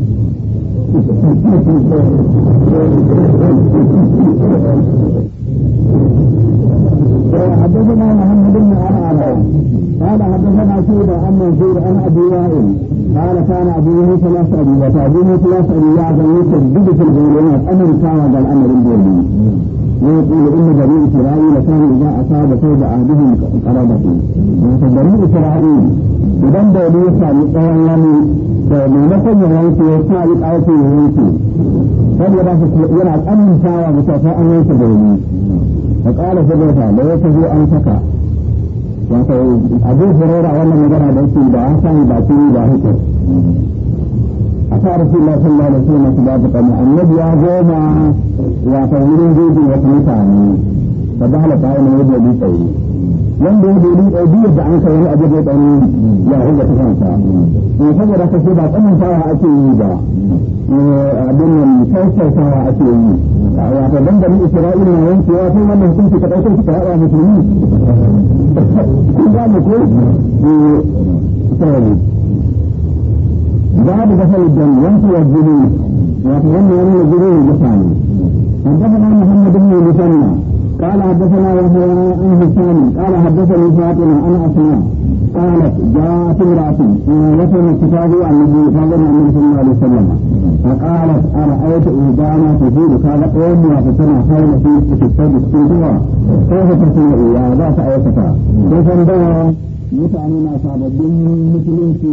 [SPEAKER 1] حدثنا محمد بن عمر قال حدثنا شيبة عن منصور عن ابي وائل قال كان ابي يوسف لا يسأل وتابعه لا يسأل يعظم يوسف جد في الغيلات امر كان ذا الامر الدولي ويقول ان بني اسرائيل كانوا اذا اصاب ثوب اهلهم قرابته وفي بني اسرائيل اذا بني اسرائيل da maimakon ya wanke ya sa yi ƙarfi ya wanke saboda su yana tsanantawa da ta an wanke da wani a ƙara sabota da ya tafi an saka wato abu hurera wannan magana da yake da an sani ba kiri ba hukun a sa rasulullah sallallahu alaihi wasallam su ba ta annabi ya goma wato wurin jirgin wasu mutane ta ba halatta yana wajen tsaye wanda ya dole a biyar da an kai wani abu da ɗan ya hujja ta kansa in saboda ka ce ba tsanantawa ake yi ba eh, abin nan sassautawa ake yi wato dan da Isra'ila na yankewa sun wannan hukunci ka ɗauko shi ka haɗa musulmi kun ga mu ko eh, babu gasar dan yankewar jini wato wannan wani jini ne mutane. Haddasa na Muhammadu ne musamman قال حدثنا وهو عن هشام قال حدثني فاطمه انا اسماء قالت جاءت امراه من وسلم الكتاب عن النبي صلى الله عليه وسلم فقالت ارايت ان كان تزيد هذا قوم وفتنا حول في الثوب السوداء كيف تسمع يا ذات ايتك كيف انبغى mutane na sababbin musulunci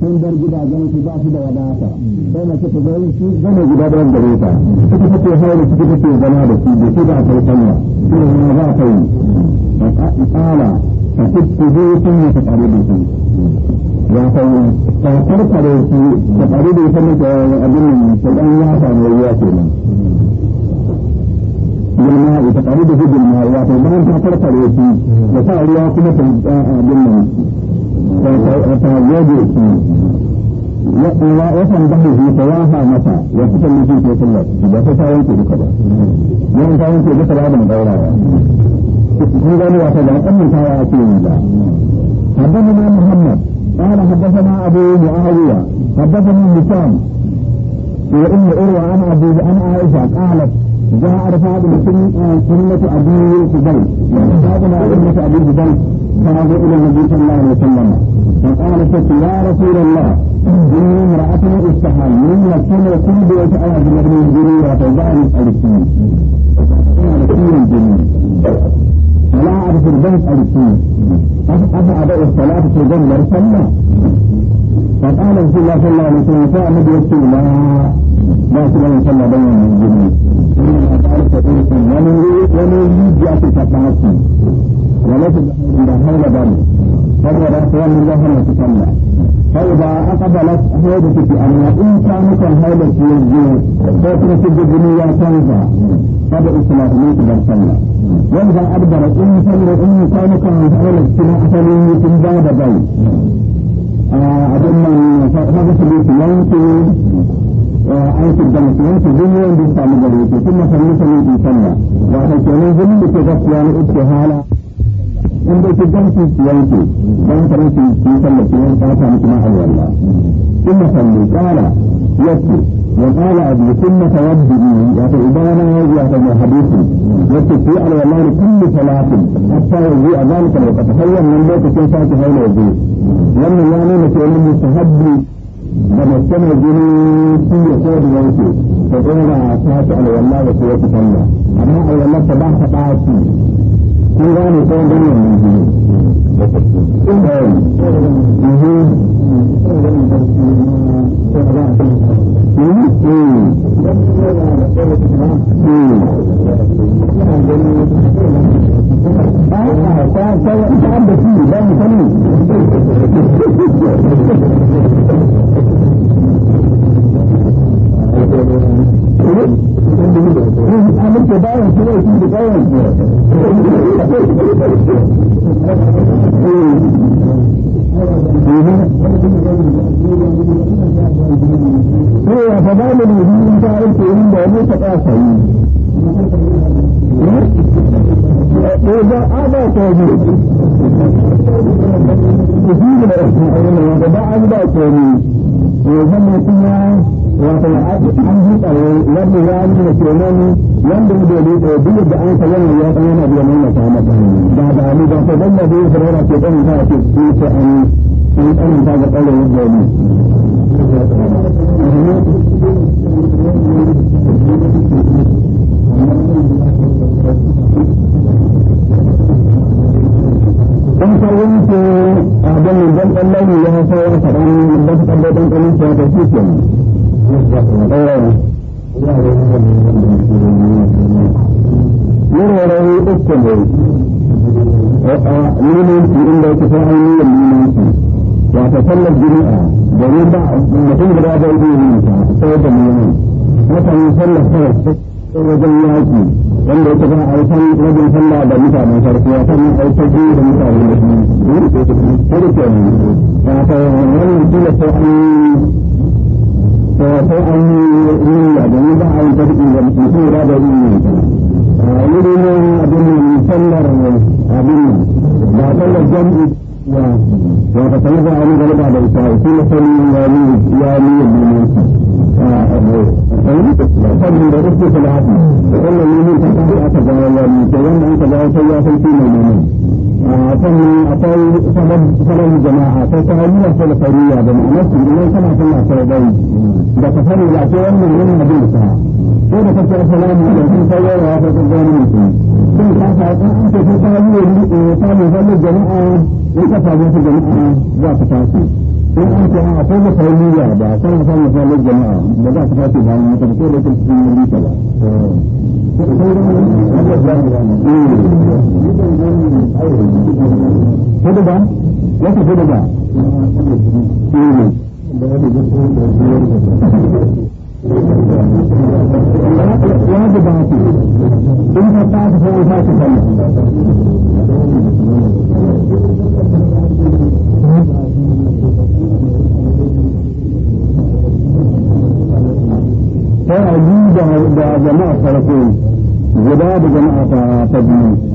[SPEAKER 1] sun bar gidajen su ba su da wadata sai mace ta zo shi gane gida da wanda rota suka take haure suka take zama da su da su ba kai sallah su da zama ba kai fa qala fa tubu sun yi ta tare da su ya sai ta karkare su ta tare da su da abin nan ya samu ya kenan بالماء تقريبه wasan da haifi ta yafa mata ya fi kan mutum ke sallar ba ta ta yanke duka ba yawan ta yanke duka ba da daurawa kun gani wata da kan ta ya ce ni ba قال حدثنا ابو معاويه حدثنا هشام وان عن ابي عن عائشه قالت جاء أرفاد سنة آه، أبي الزبير فاطمة سنة أبي الزبير فنظر إلى النبي صلى الله عليه وسلم فقال شك يا رسول الله إني امرأة استحال من يكون كل بيت أنا بمبني الجريرة فجاء يسأل السنين رسول جميل فلا أعرف البيت أبي السنين أفعل الصلاة في جنة صلى فقال رسول الله صلى الله عليه وسلم فاء النبي الله ما لا سلام صلى بين المسجدين ومن ومن يجي في تقاعسي وليس عند حول بني فهو راس يوم الله لا تصلى فإذا أقبلت حيضتك أن إن كانت الحيضة يجي فإن تجد الدنيا تنفع فبئ الصلاة ليس بالصلاة وإذا أدبرت إن كانت إن كانت الحيضة في أحسن من بعد بيت Ah, abin nan haka su su yanke eh, aiki da mutum zun zuniya da samu gare su kuma sannu sannu bi sallah ba ta kenan zulmi ke gaskiya na uku hala in dai ki gamsu ki yanke dan kare ki ki sallah ki yanka ta miki ma alwala inna sallu yake wa qala abi kunna tawaddi ya ta ibana ya ta ma hadisi yake ki alwala li kulli salatin hatta yuzi azalika wa qad hayya min lokacin sa ki haila yuzi wannan ya nuna cewa mun mustahabbi da mutum jini shi ya ko da yanke ta dora ta ta alwala da ko ta sallah amma alwala ta ba ta ba kun gane ko mu. كثير من الأحيان يتبع الباطني ويجمع فيها وطلعت عنه أو لم يرام من السلمان ينبغي بيديك وبيد بأن سلم يا أنا بيمين كامل بعد أن إذا فضلنا به فرورة كتن فاتح في أن أن أن هذا قول يجب dan sarwin ke a ga mu dan Allah ne ya sa ya fara ne da ta da dan kalin sa ta ce ke Yaro rai uku ne, limanci inda ya kusa hanyar limanci, ya ta sallar jiri'a, domin ba mutum guda da ido yin ta, sai da mai yi, mutane sallar kawai wajen yaƙi, wanda yake zan aikan wajen sallah da mutanen farko ya san aikan da mutanen da shi kada ke ya ta kila an an yi ya da ni ba a yi tafi da mutum da a yi ne abin nan sallar abin nan ba sallar ya ya ta sallar da da ita kila ya ya saboda rufe aka akwai jama'a da jama'a in ko in a ko ga da kana san misalin jama'a da za ka tashi ba mu ta ko cikin ba ba? Wata ba? sai a yi da jama'a farko guda da jama'a ta tabbini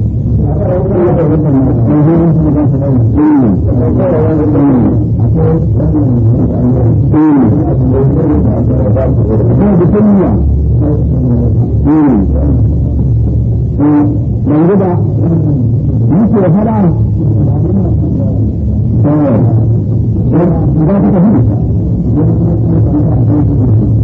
[SPEAKER 1] Thank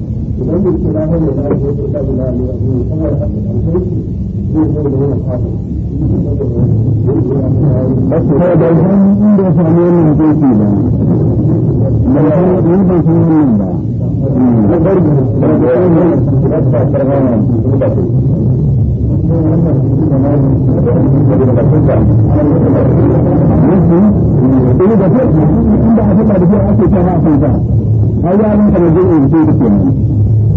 [SPEAKER 1] idan bai ce na hanyar da ake yake ɗabi na ne a zuwa kowar alheri zai zo da yana kafa Ba da san inda sami wannan kofi ba, da san inda san wannan ba. Na bari da san wannan da ta karfa na da ta Ini dapat, ini dah dapat dia asyik cara apa saja. Ayah ini kalau dia ini dia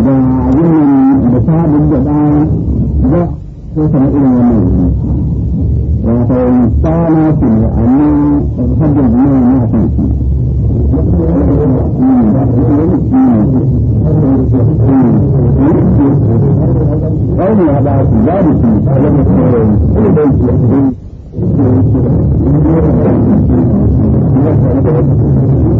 [SPEAKER 1] da wannan da ta da da da ko sana irin wannan wato da yawan ya fi su ne da a yadda su yi da su yi da su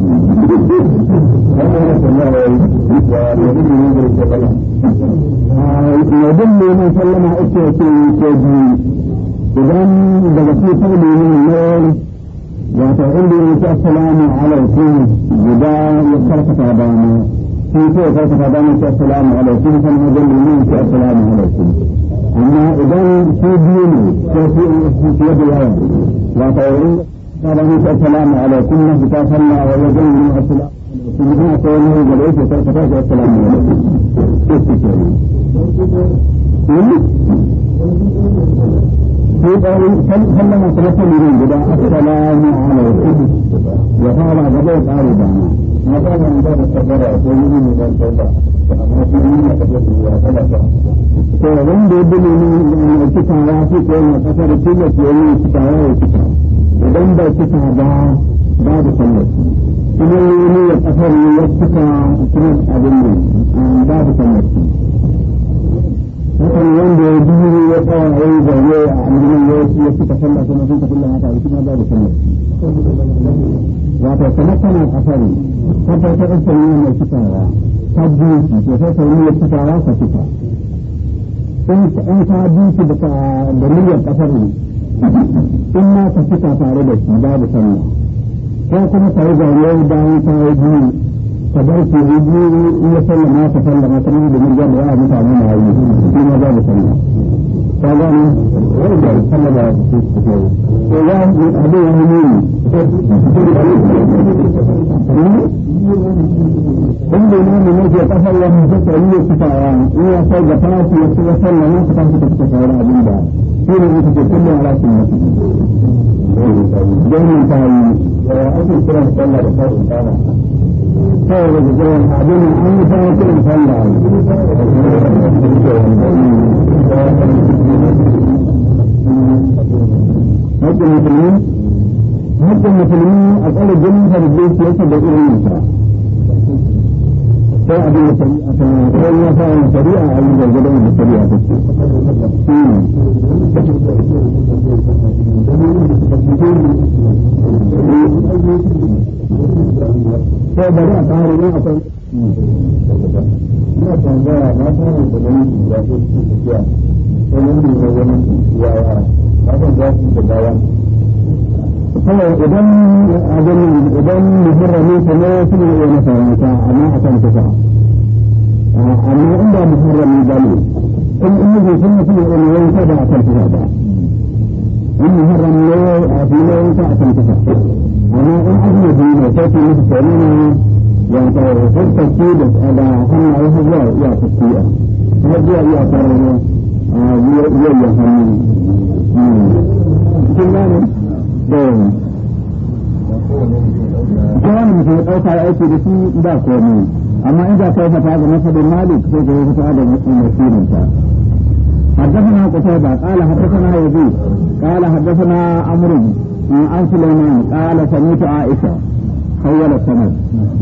[SPEAKER 1] يدل ما سلم أشياء تجري إذن بغتي قلبي من الليل وتقول لي السلام على عليكم جدا يخلق تعبانا في كيف يخلق تعبانا السلام على عليكم فما يدل منك السلام على عليكم أما إذن في ديني كيف يدل هذا وتقول قال موسى السلام عليكم الله تصلى ويزن من السلام عليكم قوله جليس وتركته السلام عليكم في قول سلم ثلاثة من جدا السلام عليكم وقال غضب آل بانا وقال من باب الصبر أقوله من الصبر to wanda ya bi ne ne a cikin rafi ko na kasar cikin da ke yi cikin rafi idan bai kika ba babu sallar kuma wani ya kasar ya kuma abin um, ne sallar hakan wanda ya biyu ya yi zaune a amurin ya yi ya cika sun tafi haka a cikin babu sallar wato kamar ta mai ta biyu ka in ka da niyyar ne in ma ka fita tare da shi babu sallah ko kuma ka yi zariyar bayan ta yi biyu ka bar ki yi biyu in ya sallama ka sallama kamar da mun gaba ya mutane na yi shi ma babu sallah ka gane wani da sallah da su yi. ko ya yi abin ya yi in da ne ne ke ta sallama ta yi fitawa in ya sai da fara ya sallama ka ta fita sauran abin da shi ne ita ce kullum rashin mutu don mun tayi ake kiran sallah da farin tsara kawai da jiran abin an yi kiran Mutum musulmi, mutum musulmi a tsare jinin da irin sai abin da shari'a ta ya sa yin shari'a a yi gargadon da shari'a ta ce hmm. eh, bari a tsari ne akwai ina tambaya na samun da gani da ke tafiya ya na san za da gawa kawai idan abin idan muharrami ta ne suna masa wanka amma a kan kusa amma in ba muharrami ba ne in wanka ba a kan kusa ba in muharrami ne a suna wanka a kan kusa amma in ne musu tsari ne ya tsarkake da da hannaye har zuwa iya tafiya har zuwa iya a biyayya hannu. Kin gane?
[SPEAKER 2] kowa
[SPEAKER 1] ne ya ɗauka ya aiki da shi ba komai amma in za ka yi fata ga masadin malik sai ka yi fata da masirin ta حدثنا قتيبة قال حدثنا يزيد قال حدثنا عمرو عن سليمان قال سمعت عائشة حول السند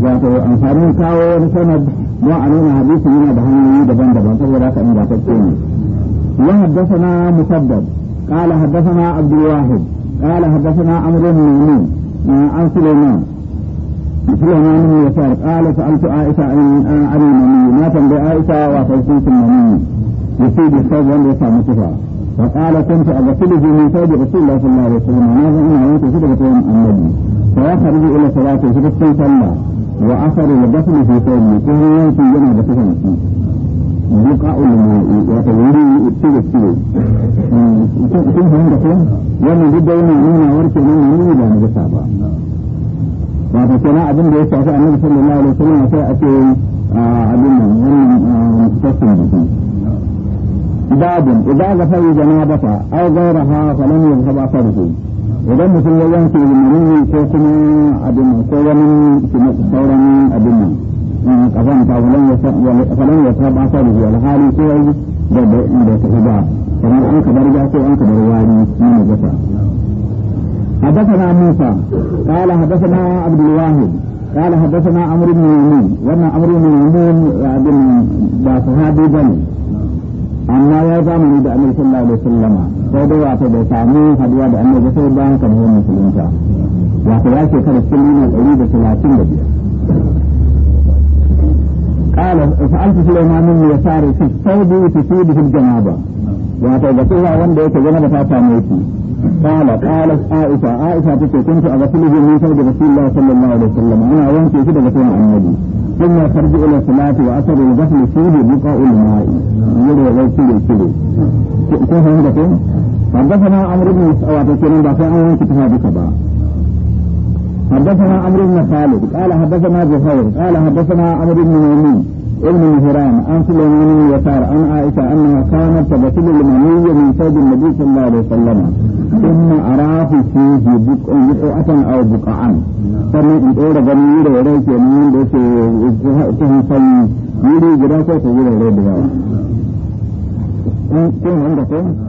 [SPEAKER 1] wato amfanin kawo wani sanad don a nuna hadisi yana da hanyoyi daban-daban saboda haka in ba ta ce ne wa haddathana musaddad qala قال حدثنا عمرو بن يمين عن سليمان سليمان بن يسار قال سألت عائشة عن عن المني ما تنبي عائشة وتوصيت المني يصيب الثوب ولا يسمى فقال كنت أغسل في من ثوب رسول الله صلى الله عليه وسلم ما ظن صدقة يوم النبي فيخرج إلى صلاة في صلى وأخر لدفن في ثوبه في ينفي جنى بكفنه buka ulumi wata wuri tsire tsire kun fahimta ko wannan duk da yana nuna warke nan nuni da na gasa ba ba ta kenan abin da ya shafi annabi sallallahu alaihi wasallam sai a ce abin nan wannan tafsirin da babun idza gafara janabata aw ghayraha falam yadhhab asaruhu idan mutum ya yanke zumunci abin ko abin nan kazanta falon ya saba sa da zuwa hali ko yayi da da ba kamar an ka bar ko an ka bar wari ne ne gasa حدثنا موسى قال حدثنا عبد الواحد قال حدثنا عمرو بن يمين وانا عمرو بن يمين بن صحابي بني amma ya zamani da annabi sallallahu alaihi wasallam sai dai wato bai samu haduwa da annabi sai bayan kamar musulunta wato ya shekara cikin nuna ɗari da talatin da biyar قال فعلت سليمان من يساري في الصوب الثوب في الجنابة وتغسلها وان ديك جنابة تاميتي قال قالت عائشة عائشة تقول كنت أغسله من ثوب رسول الله صلى الله عليه وسلم أنا وانت كده غسلنا عن النبي ثم خرج إلى الصلاة وأثر الغسل فيه بقاء الماء يرى غسل كله كيف هم عندكم؟ فردفنا عمر بن مسعود كان بعد أن كتبها بسبعة حدثنا عمرو بن خالد قال حدثنا زهير قال حدثنا عمرو بن ميمون ابن مهران عن سليمان بن يسار عن عائشه انها كانت تبتل المني من ثوب النبي صلى الله عليه وسلم ثم اراه فيه بقعه او بقعا sannan in ɗora وليس يمين da wadai في يريد راسه ke عليه بغاوة. yi da gida